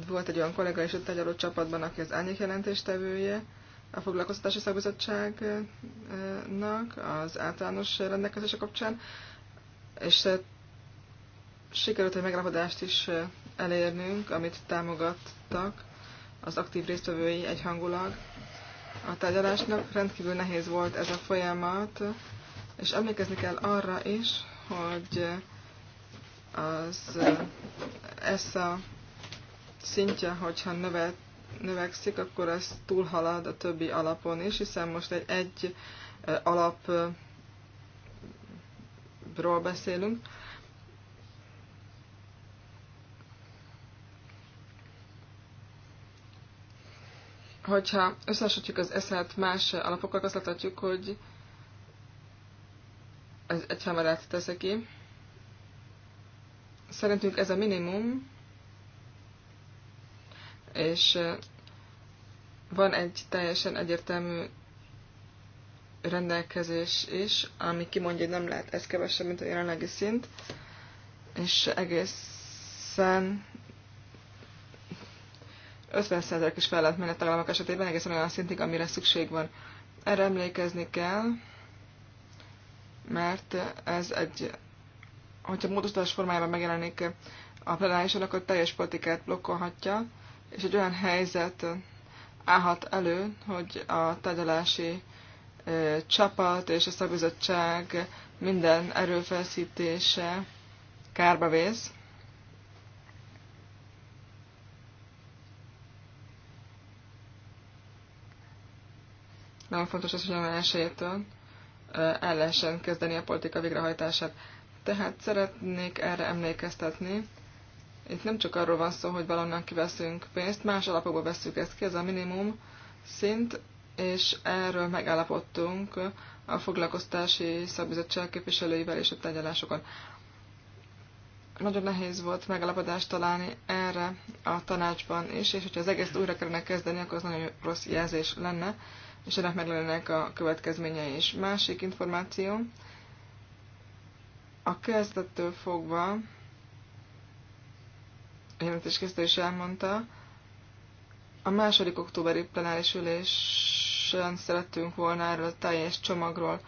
A: volt egy olyan kollega is a tárgyaló csapatban, aki az elnök jelentéstevője a foglalkoztatási szakbizottságnak az általános rendelkezése kapcsán, és sikerült egy megállapodást is elérnünk, amit támogattak az aktív résztvevői egyhangulag. A tárgyalásnak rendkívül nehéz volt ez a folyamat, és emlékezni kell arra is, hogy az ESZA szintje, hogyha növet, növekszik, akkor ez túlhalad a többi alapon is, hiszen most egy, egy alapról beszélünk, hogyha összehasonlítjuk az eszet más alapokkal, azt láthatjuk, hogy ez egy hamarát tesz ki. Szerintünk ez a minimum, és van egy teljesen egyértelmű rendelkezés is, ami kimondja, hogy nem lehet ez kevesebb, mint a jelenlegi szint, és egészen 50% is fel lehet tagállamok esetében egészen olyan szintig, amire szükség van. Erre emlékezni kell, mert ez egy, hogyha módosítás formájában megjelenik a plenárison, akkor teljes politikát blokkolhatja, és egy olyan helyzet állhat elő, hogy a tárgyalási csapat és a szabizottság minden erőfeszítése kárba vész. Nagyon fontos az, hogy a esélytől el lehessen kezdeni a politika végrehajtását. Tehát szeretnék erre emlékeztetni. Itt nem csak arról van szó, hogy valonnan kiveszünk pénzt, más alapokból veszük ezt ki, ez a minimum szint, és erről megállapodtunk a foglalkoztási szakbizottság képviselőivel és a tárgyalásokon. Nagyon nehéz volt megállapodást találni erre a tanácsban is, és hogyha az egész újra kellene kezdeni, akkor az nagyon rossz jelzés lenne és ennek meg lennének a következményei is. Másik információ, a kezdettől fogva, a kezdő is elmondta, a második októberi plenáris ülésen szerettünk volna erről a teljes csomagról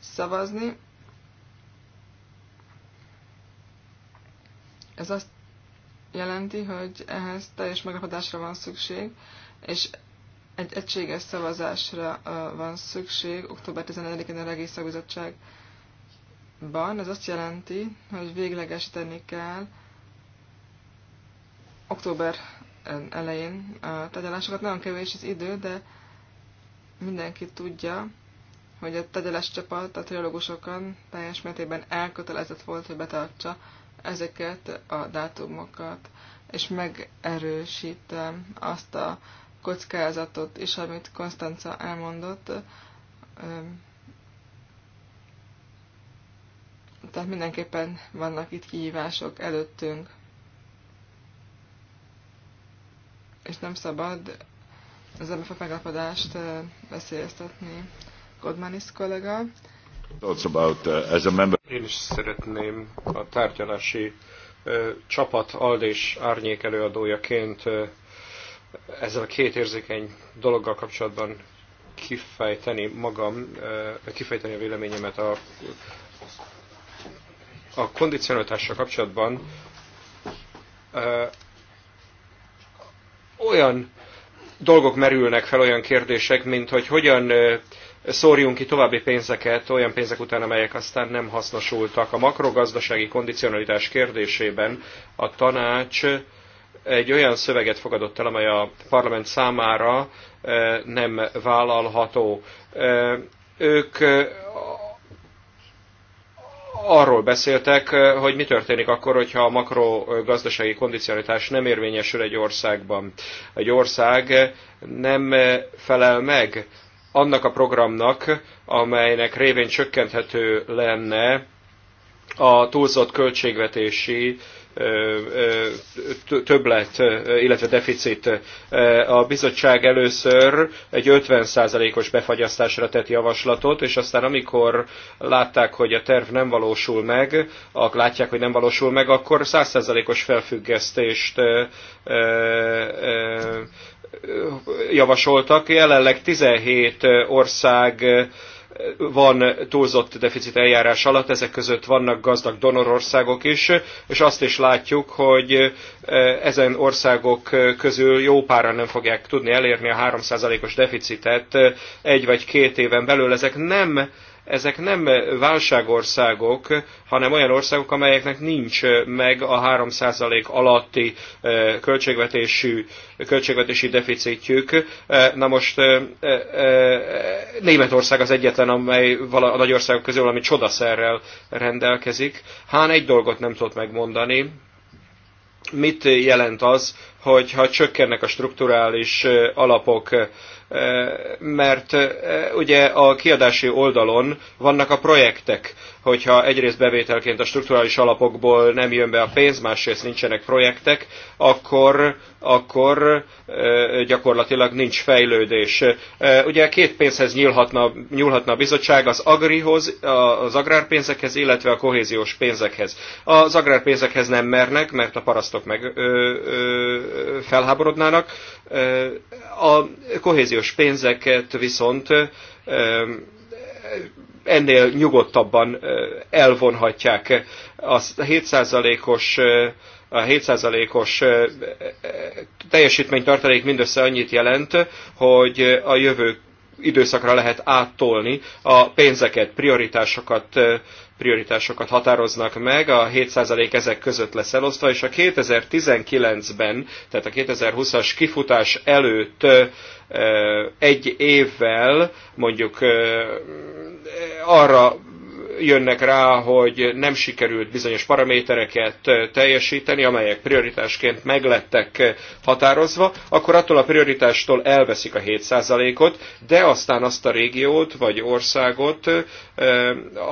A: szavazni. Ez azt jelenti, hogy ehhez teljes megapadásra van szükség, és egy egységes szavazásra van szükség október 14-én a Regészakbizottságban. Ez azt jelenti, hogy véglegesíteni kell október elején a tárgyalásokat. Nagyon kevés az idő, de mindenki tudja, hogy a tegyeles csapat a trilógusokon teljes mértékben elkötelezett volt, hogy betartsa ezeket a dátumokat, és megerősítem azt a kockázatot is, amit Konstanca elmondott. Tehát mindenképpen vannak itt kihívások előttünk. És nem szabad az MFF megállapodást veszélyeztetni. Godmanis kollega.
C: About, uh, as a member... Én is szeretném a tárgyalási uh, csapat Aldés árnyék előadójaként uh, ezzel a két érzékeny dologgal kapcsolatban kifejteni magam, kifejteni a véleményemet a, a kondicionalitással kapcsolatban olyan dolgok merülnek fel, olyan kérdések, mint hogy hogyan szórjunk ki további pénzeket olyan pénzek után, amelyek aztán nem hasznosultak. A makrogazdasági kondicionalitás kérdésében a tanács egy olyan szöveget fogadott el, amely a parlament számára eh, nem vállalható. Eh, ők eh, arról beszéltek, hogy mi történik akkor, hogyha a makrogazdasági kondicionalitás nem érvényesül egy országban. Egy ország nem felel meg annak a programnak, amelynek révén csökkenthető lenne a túlzott költségvetési többlet, illetve deficit. A bizottság először egy 50%-os befagyasztásra tett javaslatot, és aztán amikor látták, hogy a terv nem valósul meg, látják, hogy nem valósul meg, akkor 100%-os felfüggesztést javasoltak. Jelenleg 17 ország van túlzott deficit eljárás alatt, ezek között vannak gazdag donorországok is, és azt is látjuk, hogy eh, ezen országok eh, közül jó páran nem fogják tudni elérni a 3%-os deficitet eh, egy vagy két éven belül. Ezek nem ezek nem válságországok, hanem olyan országok, amelyeknek nincs meg a 3% alatti költségvetésű, költségvetési deficitjük. Na most Németország az egyetlen, amely a nagy országok közül, ami csodaszerrel rendelkezik. Hán egy dolgot nem tudott megmondani, mit jelent az, hogy ha csökkennek a strukturális alapok, mert ugye a kiadási oldalon vannak a projektek, hogyha egyrészt bevételként a strukturális alapokból nem jön be a pénz, másrészt nincsenek projektek, akkor, akkor gyakorlatilag nincs fejlődés. Ugye két pénzhez nyúlhatna nyúlhatna a bizottság, az agrihoz, az agrárpénzekhez, illetve a kohéziós pénzekhez. Az agrárpénzekhez nem mernek, mert a parasztok meg ö, ö, felháborodnának. A kohéziós pénzeket viszont ennél nyugodtabban elvonhatják. A 7%-os a 7%-os teljesítménytartalék mindössze annyit jelent, hogy a jövő időszakra lehet áttolni a pénzeket, prioritásokat prioritásokat határoznak meg, a 7% ezek között lesz elosztva, és a 2019-ben, tehát a 2020-as kifutás előtt egy évvel mondjuk arra jönnek rá, hogy nem sikerült bizonyos paramétereket teljesíteni, amelyek prioritásként meglettek határozva, akkor attól a prioritástól elveszik a 7%-ot, de aztán azt a régiót vagy országot eh,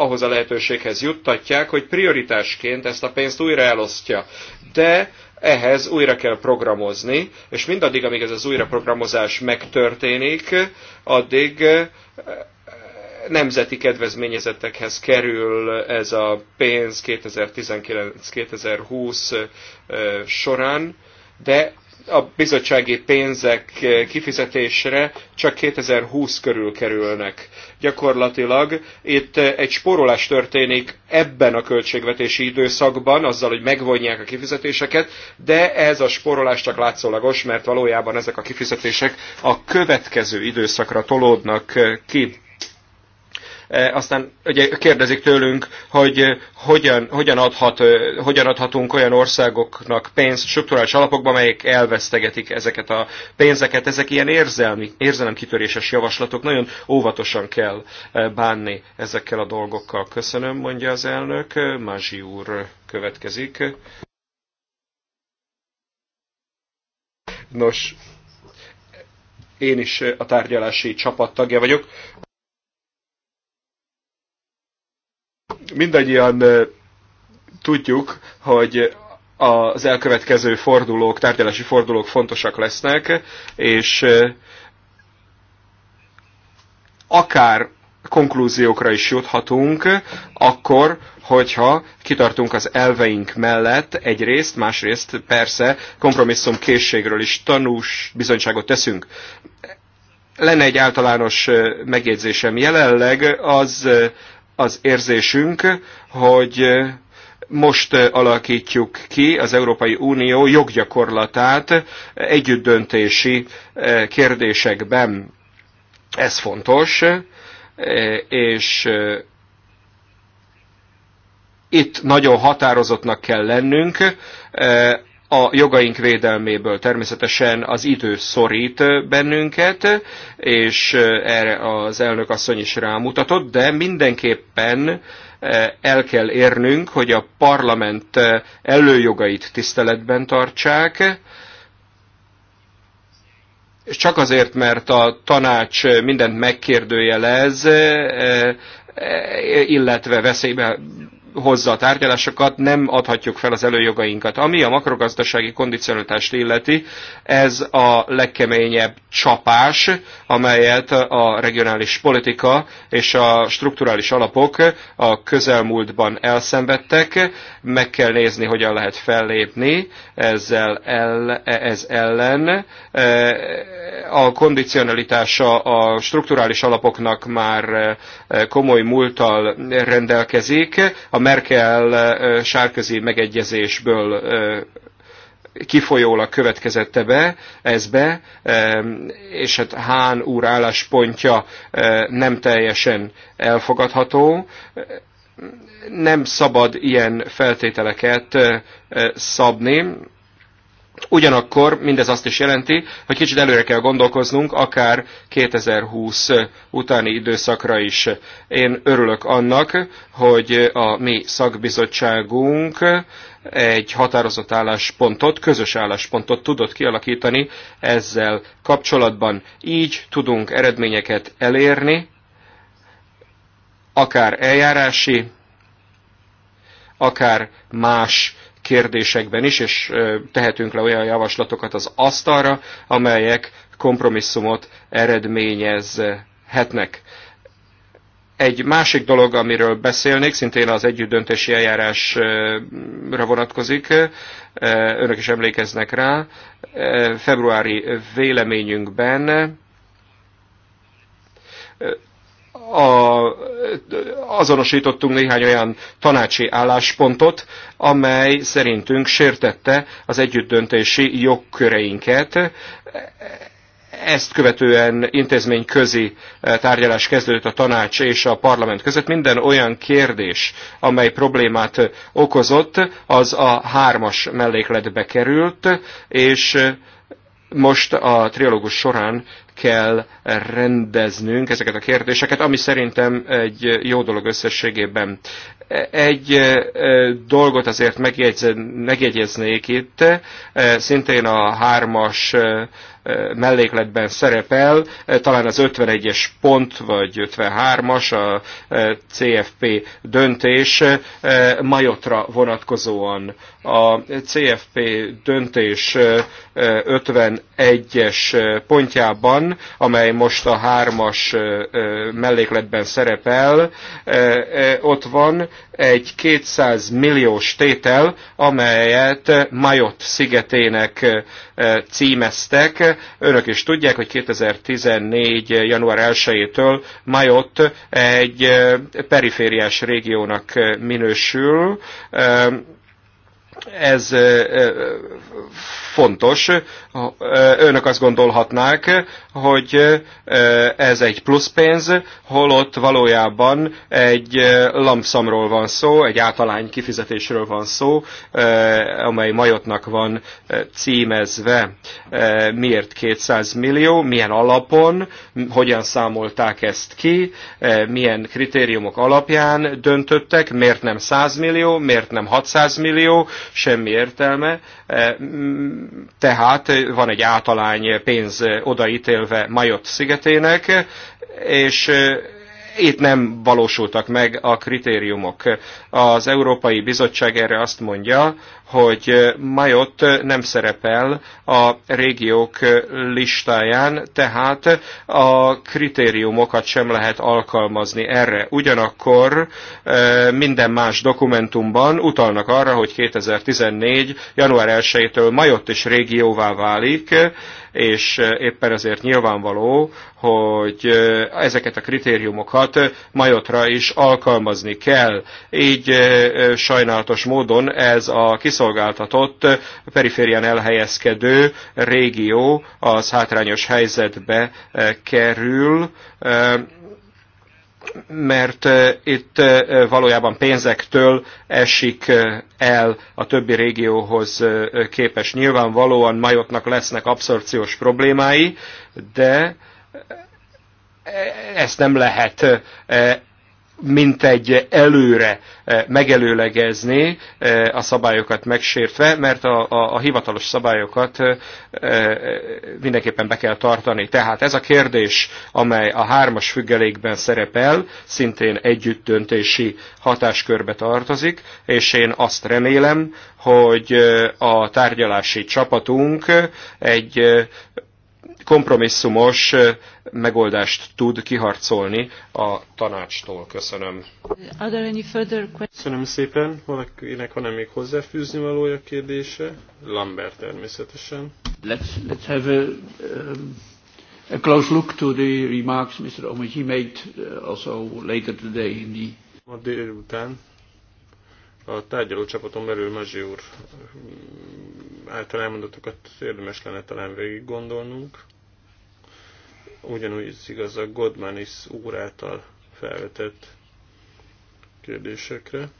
C: ahhoz a lehetőséghez juttatják, hogy prioritásként ezt a pénzt újra elosztja. De ehhez újra kell programozni, és mindaddig, amíg ez az újraprogramozás megtörténik, addig nemzeti kedvezményezettekhez kerül ez a pénz 2019-2020 során, de a bizottsági pénzek kifizetésre csak 2020 körül kerülnek. Gyakorlatilag itt egy spórolás történik ebben a költségvetési időszakban, azzal, hogy megvonják a kifizetéseket, de ez a spórolás csak látszólagos, mert valójában ezek a kifizetések a következő időszakra tolódnak ki. E, aztán ugye kérdezik tőlünk, hogy e, hogyan, hogyan, adhat, e, hogyan adhatunk olyan országoknak pénzt struktúrális alapokba, melyek elvesztegetik ezeket a pénzeket. Ezek ilyen érzelmi, érzelemkitöréses javaslatok. Nagyon óvatosan kell bánni ezekkel a dolgokkal. Köszönöm, mondja az elnök. Mázsi úr következik. Nos, én is a tárgyalási csapat tagja vagyok. mindannyian tudjuk, hogy az elkövetkező fordulók, tárgyalási fordulók fontosak lesznek, és akár konklúziókra is juthatunk, akkor, hogyha kitartunk az elveink mellett egyrészt, másrészt persze kompromisszum készségről is tanús bizonyságot teszünk. Lenne egy általános megjegyzésem. Jelenleg az az érzésünk, hogy most alakítjuk ki az Európai Unió joggyakorlatát együttdöntési kérdésekben. Ez fontos, és itt nagyon határozottnak kell lennünk, a jogaink védelméből. Természetesen az idő szorít bennünket, és erre az elnök asszony is rámutatott, de mindenképpen el kell érnünk, hogy a parlament előjogait tiszteletben tartsák, és csak azért, mert a tanács mindent megkérdőjelez, illetve veszélybe hozza a tárgyalásokat, nem adhatjuk fel az előjogainkat. Ami a makrogazdasági kondicionalitást illeti, ez a legkeményebb csapás, amelyet a regionális politika és a strukturális alapok a közelmúltban elszenvedtek. Meg kell nézni, hogyan lehet fellépni ezzel el, ez ellen. A kondicionalitása a strukturális alapoknak már komoly múlttal rendelkezik. A Merkel sárközi megegyezésből kifolyólag következette be, ez be, és hát Hán úr álláspontja nem teljesen elfogadható. Nem szabad ilyen feltételeket szabni, Ugyanakkor mindez azt is jelenti, hogy kicsit előre kell gondolkoznunk, akár 2020 utáni időszakra is. Én örülök annak, hogy a mi szakbizottságunk egy határozott álláspontot, közös álláspontot tudott kialakítani ezzel kapcsolatban. Így tudunk eredményeket elérni, akár eljárási, akár más kérdésekben is, és tehetünk le olyan javaslatokat az asztalra, amelyek kompromisszumot eredményezhetnek. Egy másik dolog, amiről beszélnék, szintén az együttdöntési eljárásra vonatkozik, önök is emlékeznek rá, februári véleményünkben a, azonosítottunk néhány olyan tanácsi álláspontot, amely szerintünk sértette az együttdöntési jogköreinket. Ezt követően intézmény közi eh, tárgyalás kezdődött a tanács és a parlament között. Minden olyan kérdés, amely problémát eh, okozott, az a hármas mellékletbe került, és eh, most a trialógus során kell rendeznünk ezeket a kérdéseket, ami szerintem egy jó dolog összességében. Egy dolgot azért megjegyeznék itt, szintén a hármas mellékletben szerepel, talán az 51-es pont, vagy 53-as, a CFP döntés Majotra vonatkozóan a CFP döntés 51-es pontjában, amely most a hármas mellékletben szerepel, ott van egy 200 milliós tétel, amelyet Majot szigetének címeztek. Önök is tudják, hogy 2014. január 1-től Majot egy perifériás régiónak minősül, ez fontos. Önök azt gondolhatnák, hogy ez egy plusz pénz, holott valójában egy lamszamról van szó, egy általány kifizetésről van szó, amely majotnak van címezve. Miért 200 millió, milyen alapon, hogyan számolták ezt ki, milyen kritériumok alapján döntöttek, miért nem 100 millió, miért nem 600 millió, semmi értelme tehát van egy általány pénz odaítélve Majot szigetének, és itt nem valósultak meg a kritériumok. Az Európai Bizottság erre azt mondja, hogy Majot nem szerepel a régiók listáján, tehát a kritériumokat sem lehet alkalmazni erre. Ugyanakkor e, minden más dokumentumban utalnak arra, hogy 2014. január 1-től Majot is régióvá válik, és éppen ezért nyilvánvaló, hogy ezeket a kritériumokat Majotra is alkalmazni kell. Így sajnálatos módon ez a kiszolgáltatott, periférián elhelyezkedő régió az hátrányos helyzetbe kerül, mert itt valójában pénzektől esik el a többi régióhoz képes. Nyilvánvalóan Majotnak lesznek abszorpciós problémái, de ezt nem lehet eh, mint egy előre eh, megelőlegezni eh, a szabályokat megsértve, mert a, a, a hivatalos szabályokat mindenképpen be kell tartani. Tehát ez a kérdés, amely a hármas függelékben szerepel, szintén együttdöntési hatáskörbe tartozik, és én azt remélem, hogy a tárgyalási csapatunk egy kompromisszumos megoldást tud kiharcolni a tanácstól. Köszönöm.
B: Köszönöm szépen. Valakinek van-e még hozzáfűzni valója kérdése? Lambert természetesen. Let's, let's have a, um... A close look to the remarks Mr. Omegi made uh, also later today in the... Ma délután a tárgyaló csapaton belül Mazsi úr um, által elmondatokat érdemes lenne talán végig gondolnunk ugyanúgy ez igaz a Godmanis úr által felvetett kérdésekre.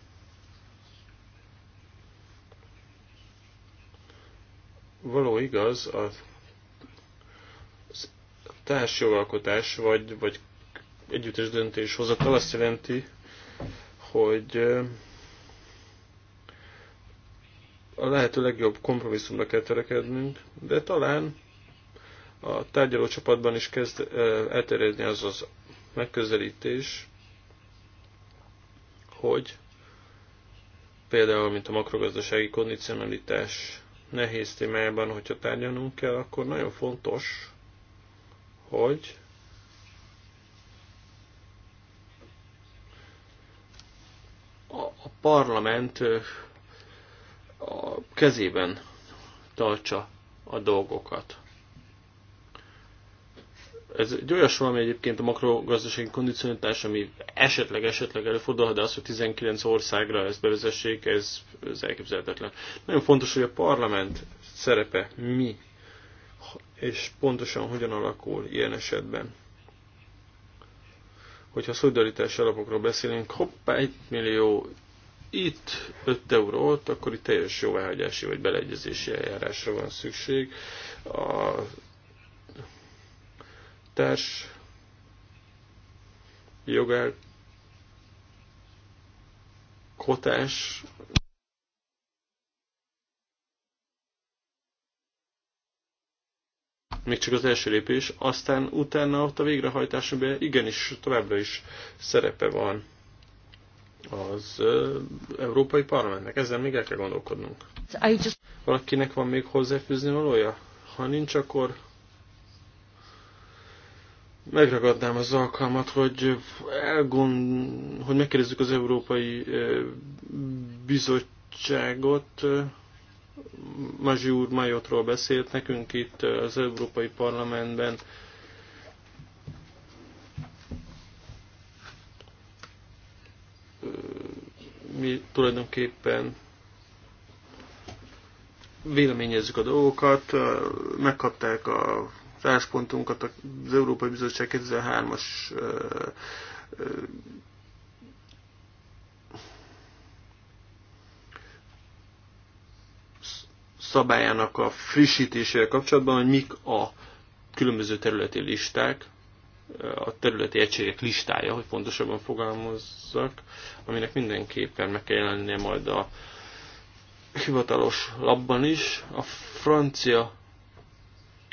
B: Való igaz, a társjogalkotás vagy, vagy együttes döntéshozatal azt jelenti, hogy a lehető legjobb kompromisszumra kell törekednünk, de talán a tárgyalócsapatban is kezd elterjedni az az megközelítés, hogy például, mint a makrogazdasági kondicionalitás nehéz témájában, hogyha tárgyalnunk kell, akkor nagyon fontos, hogy a parlament a kezében tartsa a dolgokat ez egy olyas valami egyébként a makrogazdasági kondicionitás, ami esetleg, esetleg előfordulhat, de az, hogy 19 országra ezt bevezessék, ez, ez elképzelhetetlen. Nagyon fontos, hogy a parlament szerepe mi, és pontosan hogyan alakul ilyen esetben. Hogyha szolidaritási alapokról beszélünk, hoppá, 1 millió itt 5 euró ott, akkor itt teljes jóváhagyási vagy beleegyezési eljárásra van szükség. A társ jogár kotás még csak az első lépés, aztán utána ott a végrehajtásban igenis továbbra is szerepe van az Európai Parlamentnek. Ezzel még el kell gondolkodnunk. Valakinek van még hozzáfűzni valója? Ha nincs, akkor megragadnám az alkalmat, hogy, elgond, hogy megkérdezzük az Európai eh, Bizottságot. Mazsi úr Majotról beszélt nekünk itt az Európai Parlamentben. Mi tulajdonképpen véleményezzük a dolgokat, eh, megkapták a álláspontunkat az Európai Bizottság 2003-as szabályának a frissítésére kapcsolatban, hogy mik a különböző területi listák, a területi egységek listája, hogy pontosabban fogalmazzak, aminek mindenképpen meg kell jelennie majd a hivatalos labban is. A francia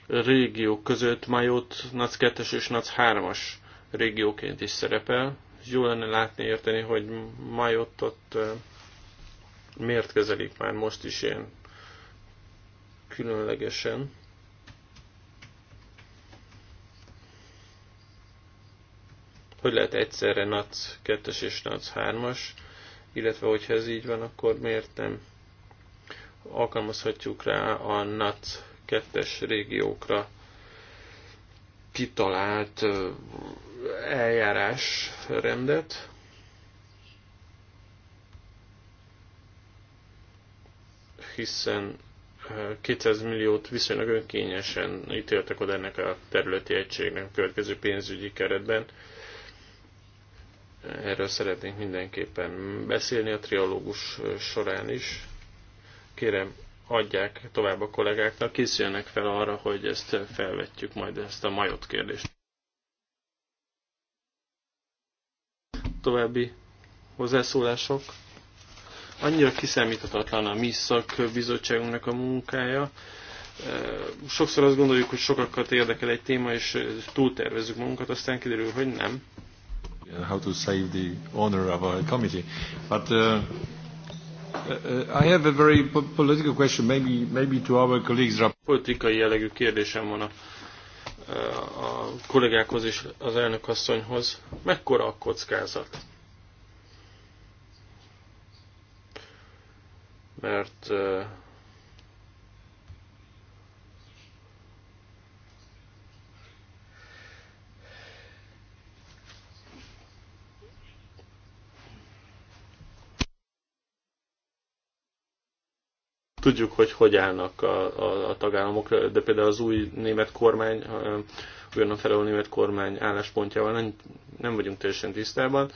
B: régiók között Majót NAC 2 es és NAC 3-as régióként is szerepel. Jó lenne látni, érteni, hogy Majót ott miért kezelik már most is ilyen különlegesen. Hogy lehet egyszerre NAC 2 és NAC 3-as, illetve hogyha ez így van, akkor miért nem alkalmazhatjuk rá a NAC kettes régiókra kitalált eljárásrendet. hiszen 200 milliót viszonylag önkényesen ítéltek oda ennek a területi egységnek a következő pénzügyi keretben. Erről szeretnénk mindenképpen beszélni a triológus során is. Kérem, adják tovább a kollégáknak, készüljenek fel arra, hogy ezt felvetjük majd ezt a majot kérdést. További hozzászólások. Annyira kiszámíthatatlan a mi szakbizottságunknak a munkája. Sokszor azt gondoljuk, hogy sokakat érdekel egy téma, és túltervezzük magunkat, aztán kiderül, hogy nem. How to save the honor of a committee. But uh, Uh, uh, I have a very political question, maybe, maybe to our colleagues. Politikai jellegű kérdésem van a, uh, a kollégákhoz és az elnökasszonyhoz. Mekkora a kockázat? Mert Tudjuk, hogy hogy állnak a, a, a tagállamok, de például az új német kormány, a felelő német kormány álláspontjával nem, nem vagyunk teljesen tisztában.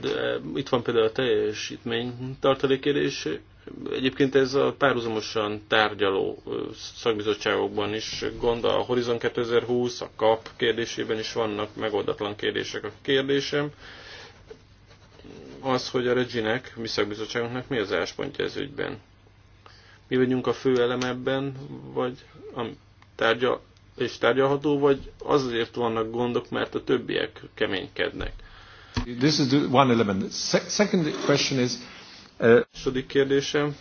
B: De itt van például a teljesítmény tartalékérés. Egyébként ez a párhuzamosan tárgyaló szakbizottságokban is gond. A Horizon 2020, a KAP kérdésében is vannak megoldatlan kérdések. A kérdésem az, hogy a Reginek, mi szakbizottságunknak mi az álláspontja ez ügyben mi vagyunk a fő elem ebben, vagy a tárgya, és tárgyalható, vagy azért vannak gondok, mert a többiek keménykednek.
C: This is the one element. Second question is... Uh... Második kérdésem.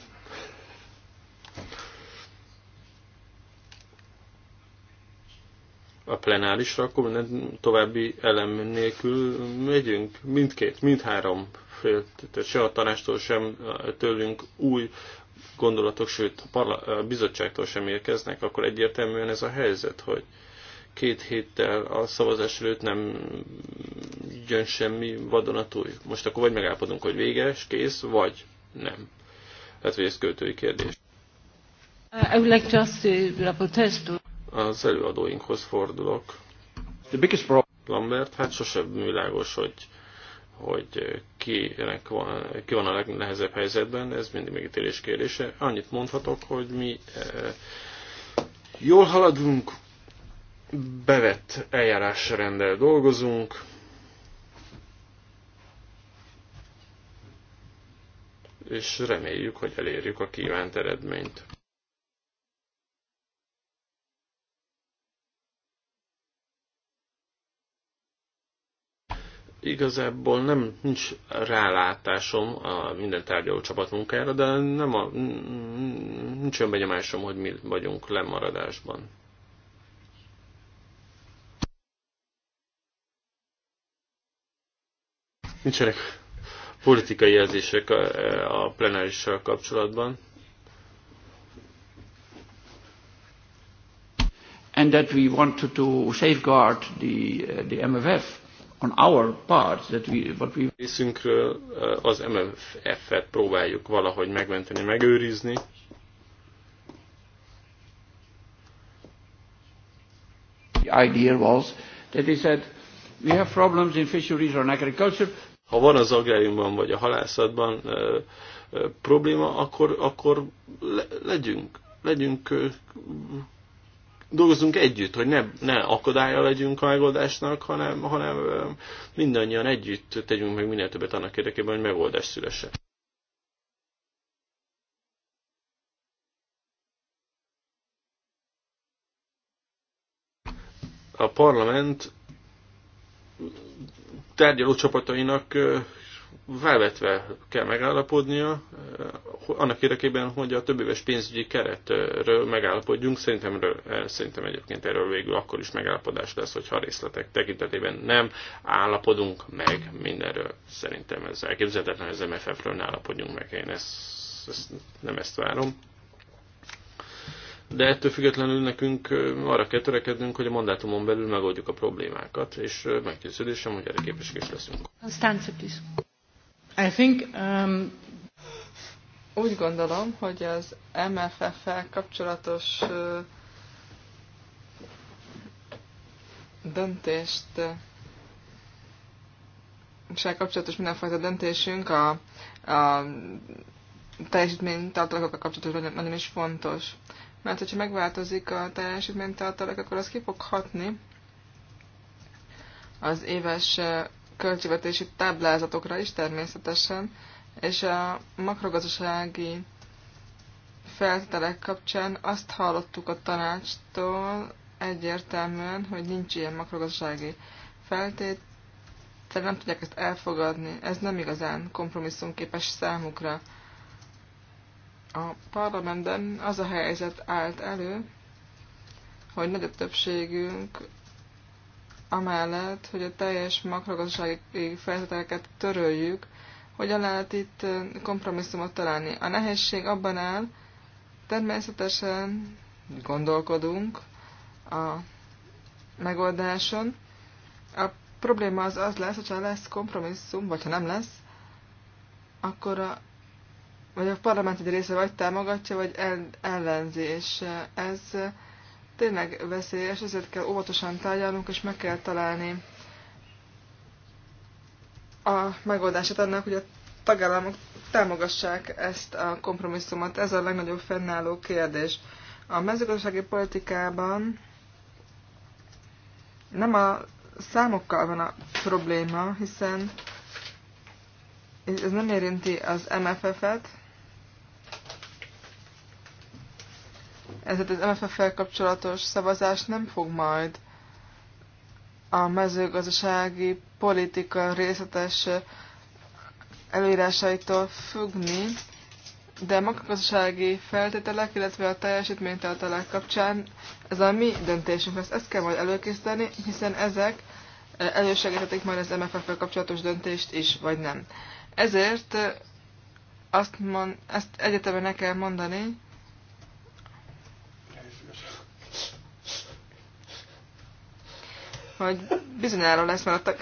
B: A plenárisra, akkor minden további elem nélkül megyünk. Mindkét, mindhárom tehát se a tanástól sem tőlünk új gondolatok, sőt a, parla- a bizottságtól sem érkeznek, akkor egyértelműen ez a helyzet, hogy két héttel a szavazás előtt nem jön semmi vadonatúj. Most akkor vagy megállapodunk, hogy véges, kész, vagy nem. Hát, hogy ez költői kérdés.
A: Uh, I would like to ask the
B: Az előadóinkhoz fordulok. The biggest problem. Lambert, hát sosem világos, hogy hogy kinek van, ki van a legnehezebb helyzetben, ez mindig megítélés kérdése. Annyit mondhatok, hogy mi e, jól haladunk, bevett eljárásrendel dolgozunk, és reméljük, hogy elérjük a kívánt eredményt. Igazából nem nincs rálátásom a minden tárgyaló csapat munkájára, de nem a, nincs olyan benyomásom, hogy mi vagyunk lemaradásban. Nincsenek politikai jelzések a, a plenárissal kapcsolatban.
C: And that we want to safeguard
B: the, the MFF on our part that we, what we... Részünkről eh, az MFF-et próbáljuk valahogy megmenteni, megőrizni.
C: The idea was
B: that they said we have problems in fisheries or in agriculture. Ha van az agráriumban vagy a halászatban eh, eh, probléma, akkor, akkor le, legyünk, legyünk dolgozunk együtt, hogy ne, ne akadálya legyünk a megoldásnak, hanem, hanem mindannyian együtt tegyünk meg minél többet annak érdekében, hogy megoldás szülesse. A parlament tárgyaló csapatainak felvetve kell megállapodnia, eh, annak érdekében, hogy a éves pénzügyi keretről megállapodjunk. Szerintem, eh, szerintem egyébként erről végül akkor is megállapodás lesz, hogyha a részletek tekintetében nem állapodunk meg mindenről. Szerintem ez elképzelhetetlen, hogy az MFF-ről ne állapodjunk meg. Én ezt, ezt, nem ezt várom. De ettől függetlenül nekünk eh, arra kell törekednünk, hogy a mandátumon belül megoldjuk a problémákat, és meggyőződésem, hogy erre képesek is leszünk.
A: Aztán I think, um... Úgy gondolom, hogy az MFF-fel kapcsolatos döntést se kapcsolatos mindenfajta döntésünk a, a teljesítménytartalékokkal kapcsolatos nagyon, nagyon is fontos. Mert hogyha megváltozik a teljesítménytartalék, akkor az ki fog hatni az éves költségvetési táblázatokra is természetesen, és a makrogazdasági feltételek kapcsán azt hallottuk a tanácstól egyértelműen, hogy nincs ilyen makrogazdasági feltét, tehát nem tudják ezt elfogadni. Ez nem igazán kompromisszumképes számukra. A parlamentben az a helyzet állt elő, hogy nagyobb többségünk amellett, hogy a teljes makrogazdasági feltételeket töröljük, hogyan lehet itt kompromisszumot találni. A nehézség abban áll, természetesen gondolkodunk a megoldáson. A probléma az az lesz, hogyha lesz kompromisszum, vagy ha nem lesz, akkor a, vagy a parlament egy része vagy támogatja, vagy el, ellenzi, és ez tényleg veszélyes, ezért kell óvatosan tárgyalnunk, és meg kell találni a megoldását annak, hogy a tagállamok támogassák ezt a kompromisszumot. Ez a legnagyobb fennálló kérdés. A mezőgazdasági politikában nem a számokkal van a probléma, hiszen ez nem érinti az MFF-et, ezért az MFF-fel kapcsolatos szavazás nem fog majd a mezőgazdasági politika részletes előírásaitól függni, de a makrogazdasági feltételek, illetve a teljesítménytartalák kapcsán ez a mi döntésünk lesz. Ezt kell majd előkészíteni, hiszen ezek elősegíthetik majd az MFF-fel kapcsolatos döntést is, vagy nem. Ezért azt mond, ezt egyetemben ne kell mondani, hogy bizonyára lesz mert a, tag...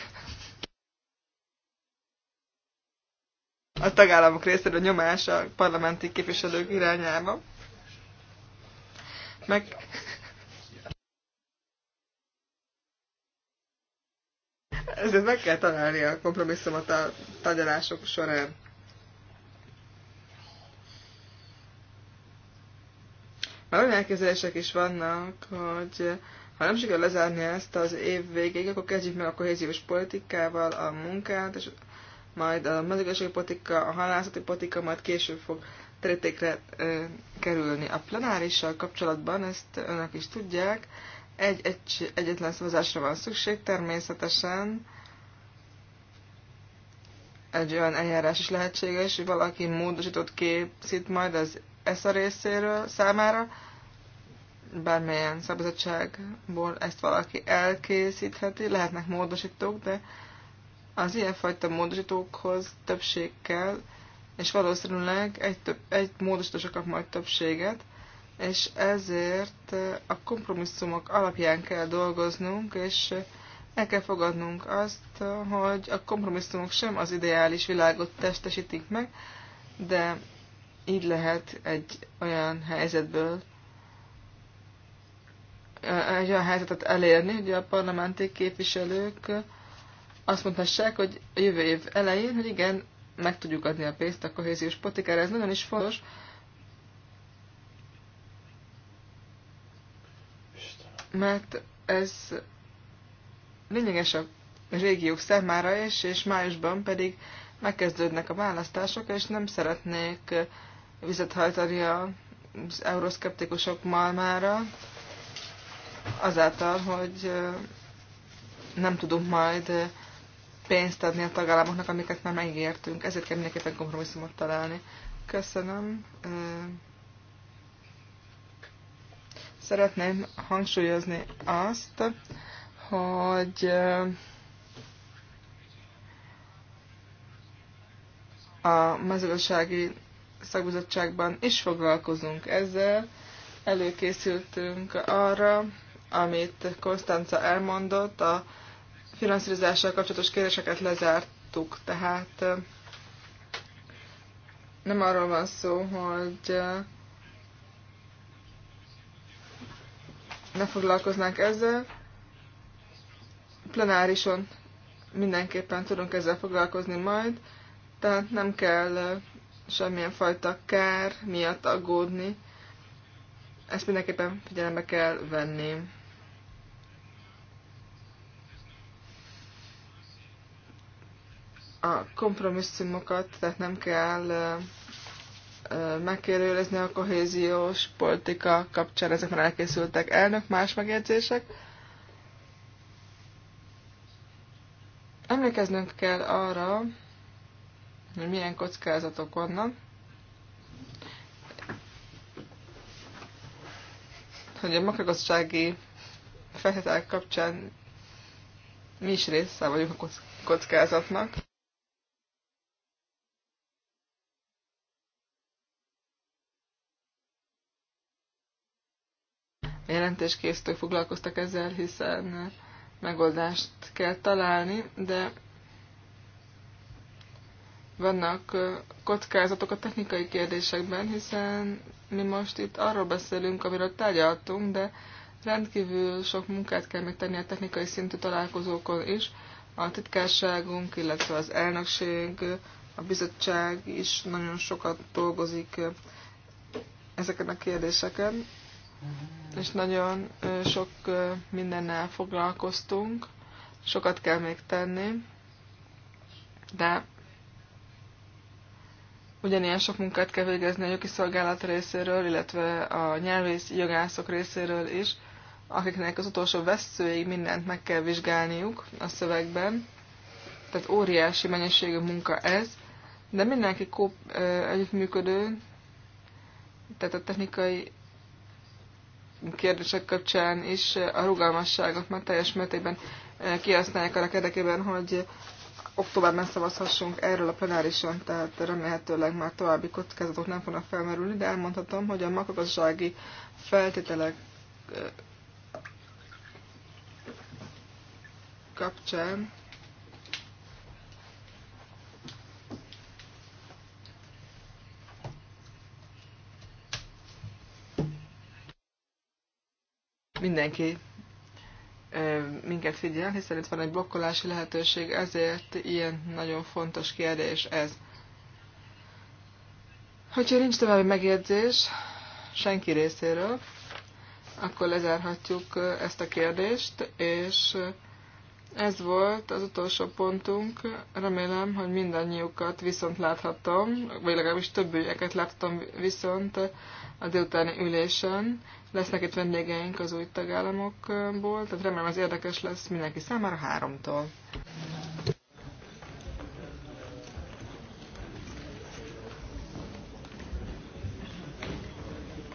A: a tagállamok részéről nyomás a parlamenti képviselők irányába. Meg... Ezért meg kell találni a kompromisszumot a tagyalások során. Már olyan elképzelések is vannak, hogy ha nem sikerül lezárni ezt az év végéig, akkor kezdjük meg a kohéziós politikával a munkát, és majd a mezőgazdasági politika, a halászati politika majd később fog terítékre ö, kerülni. A plenárissal kapcsolatban, ezt önök is tudják, egy, egy egyetlen szavazásra van szükség, természetesen egy olyan eljárás is lehetséges, hogy valaki módosított készít majd az ESZA részéről számára, bármilyen szabadságból ezt valaki elkészítheti, lehetnek módosítók, de az ilyenfajta módosítókhoz többség kell, és valószínűleg egy, több, egy módosítósa kap majd többséget, és ezért a kompromisszumok alapján kell dolgoznunk, és el kell fogadnunk azt, hogy a kompromisszumok sem az ideális világot testesítik meg, de így lehet egy olyan helyzetből egy olyan helyzetet elérni, hogy a parlamenti képviselők azt mondhassák, hogy a jövő év elején, hogy igen, meg tudjuk adni a pénzt a kohéziós politikára, ez nagyon is fontos. Mert ez lényeges a régiók számára is, és májusban pedig megkezdődnek a választások, és nem szeretnék vizet hajtani az euroszkeptikusok malmára azáltal, hogy nem tudunk majd pénzt adni a tagállamoknak, amiket már megértünk, Ezért kell mindenképpen kompromisszumot találni. Köszönöm. Szeretném hangsúlyozni azt, hogy a mezőgazdasági szakbizottságban is foglalkozunk ezzel. Előkészültünk arra, amit Konstanca elmondott, a finanszírozással kapcsolatos kérdéseket lezártuk, tehát nem arról van szó, hogy ne foglalkoznánk ezzel. Plenárison mindenképpen tudunk ezzel foglalkozni majd, tehát nem kell semmilyen fajta kár miatt aggódni. Ezt mindenképpen figyelembe kell venni. a kompromisszumokat, tehát nem kell megkérőlezni a kohéziós politika kapcsán, ezek már elkészültek. Elnök, más megjegyzések? Emlékeznünk kell arra, hogy milyen kockázatok vannak, hogy a makragazdasági feltételek kapcsán mi is része vagyunk a kockázatnak. jelentéskészítők foglalkoztak ezzel, hiszen megoldást kell találni, de vannak kockázatok a technikai kérdésekben, hiszen mi most itt arról beszélünk, amiről tárgyaltunk, de rendkívül sok munkát kell még tenni a technikai szintű találkozókon is. A titkárságunk, illetve az elnökség, a bizottság is nagyon sokat dolgozik ezeken a kérdéseken és nagyon sok mindennel foglalkoztunk, sokat kell még tenni, de ugyanilyen sok munkát kell végezni a jogi szolgálat részéről, illetve a nyelvész jogászok részéről is, akiknek az utolsó veszőig mindent meg kell vizsgálniuk a szövegben. Tehát óriási mennyiségű munka ez, de mindenki kóp, együttműködő, tehát a technikai kérdések kapcsán is a rugalmasságot már teljes mértékben kihasználják annak érdekében, hogy októberben szavazhassunk erről a plenárison, tehát remélhetőleg már további kockázatok nem fognak felmerülni, de elmondhatom, hogy a makagazsági feltételek kapcsán mindenki minket figyel, hiszen itt van egy blokkolási lehetőség, ezért ilyen nagyon fontos kérdés ez. Hogyha nincs további megjegyzés senki részéről, akkor lezárhatjuk ezt a kérdést, és ez volt az utolsó pontunk. Remélem, hogy mindannyiukat viszont láthatom, vagy legalábbis több ügyeket láthatom viszont a délutáni ülésen. Lesznek itt vendégeink az új tagállamokból, tehát remélem ez érdekes lesz mindenki számára háromtól.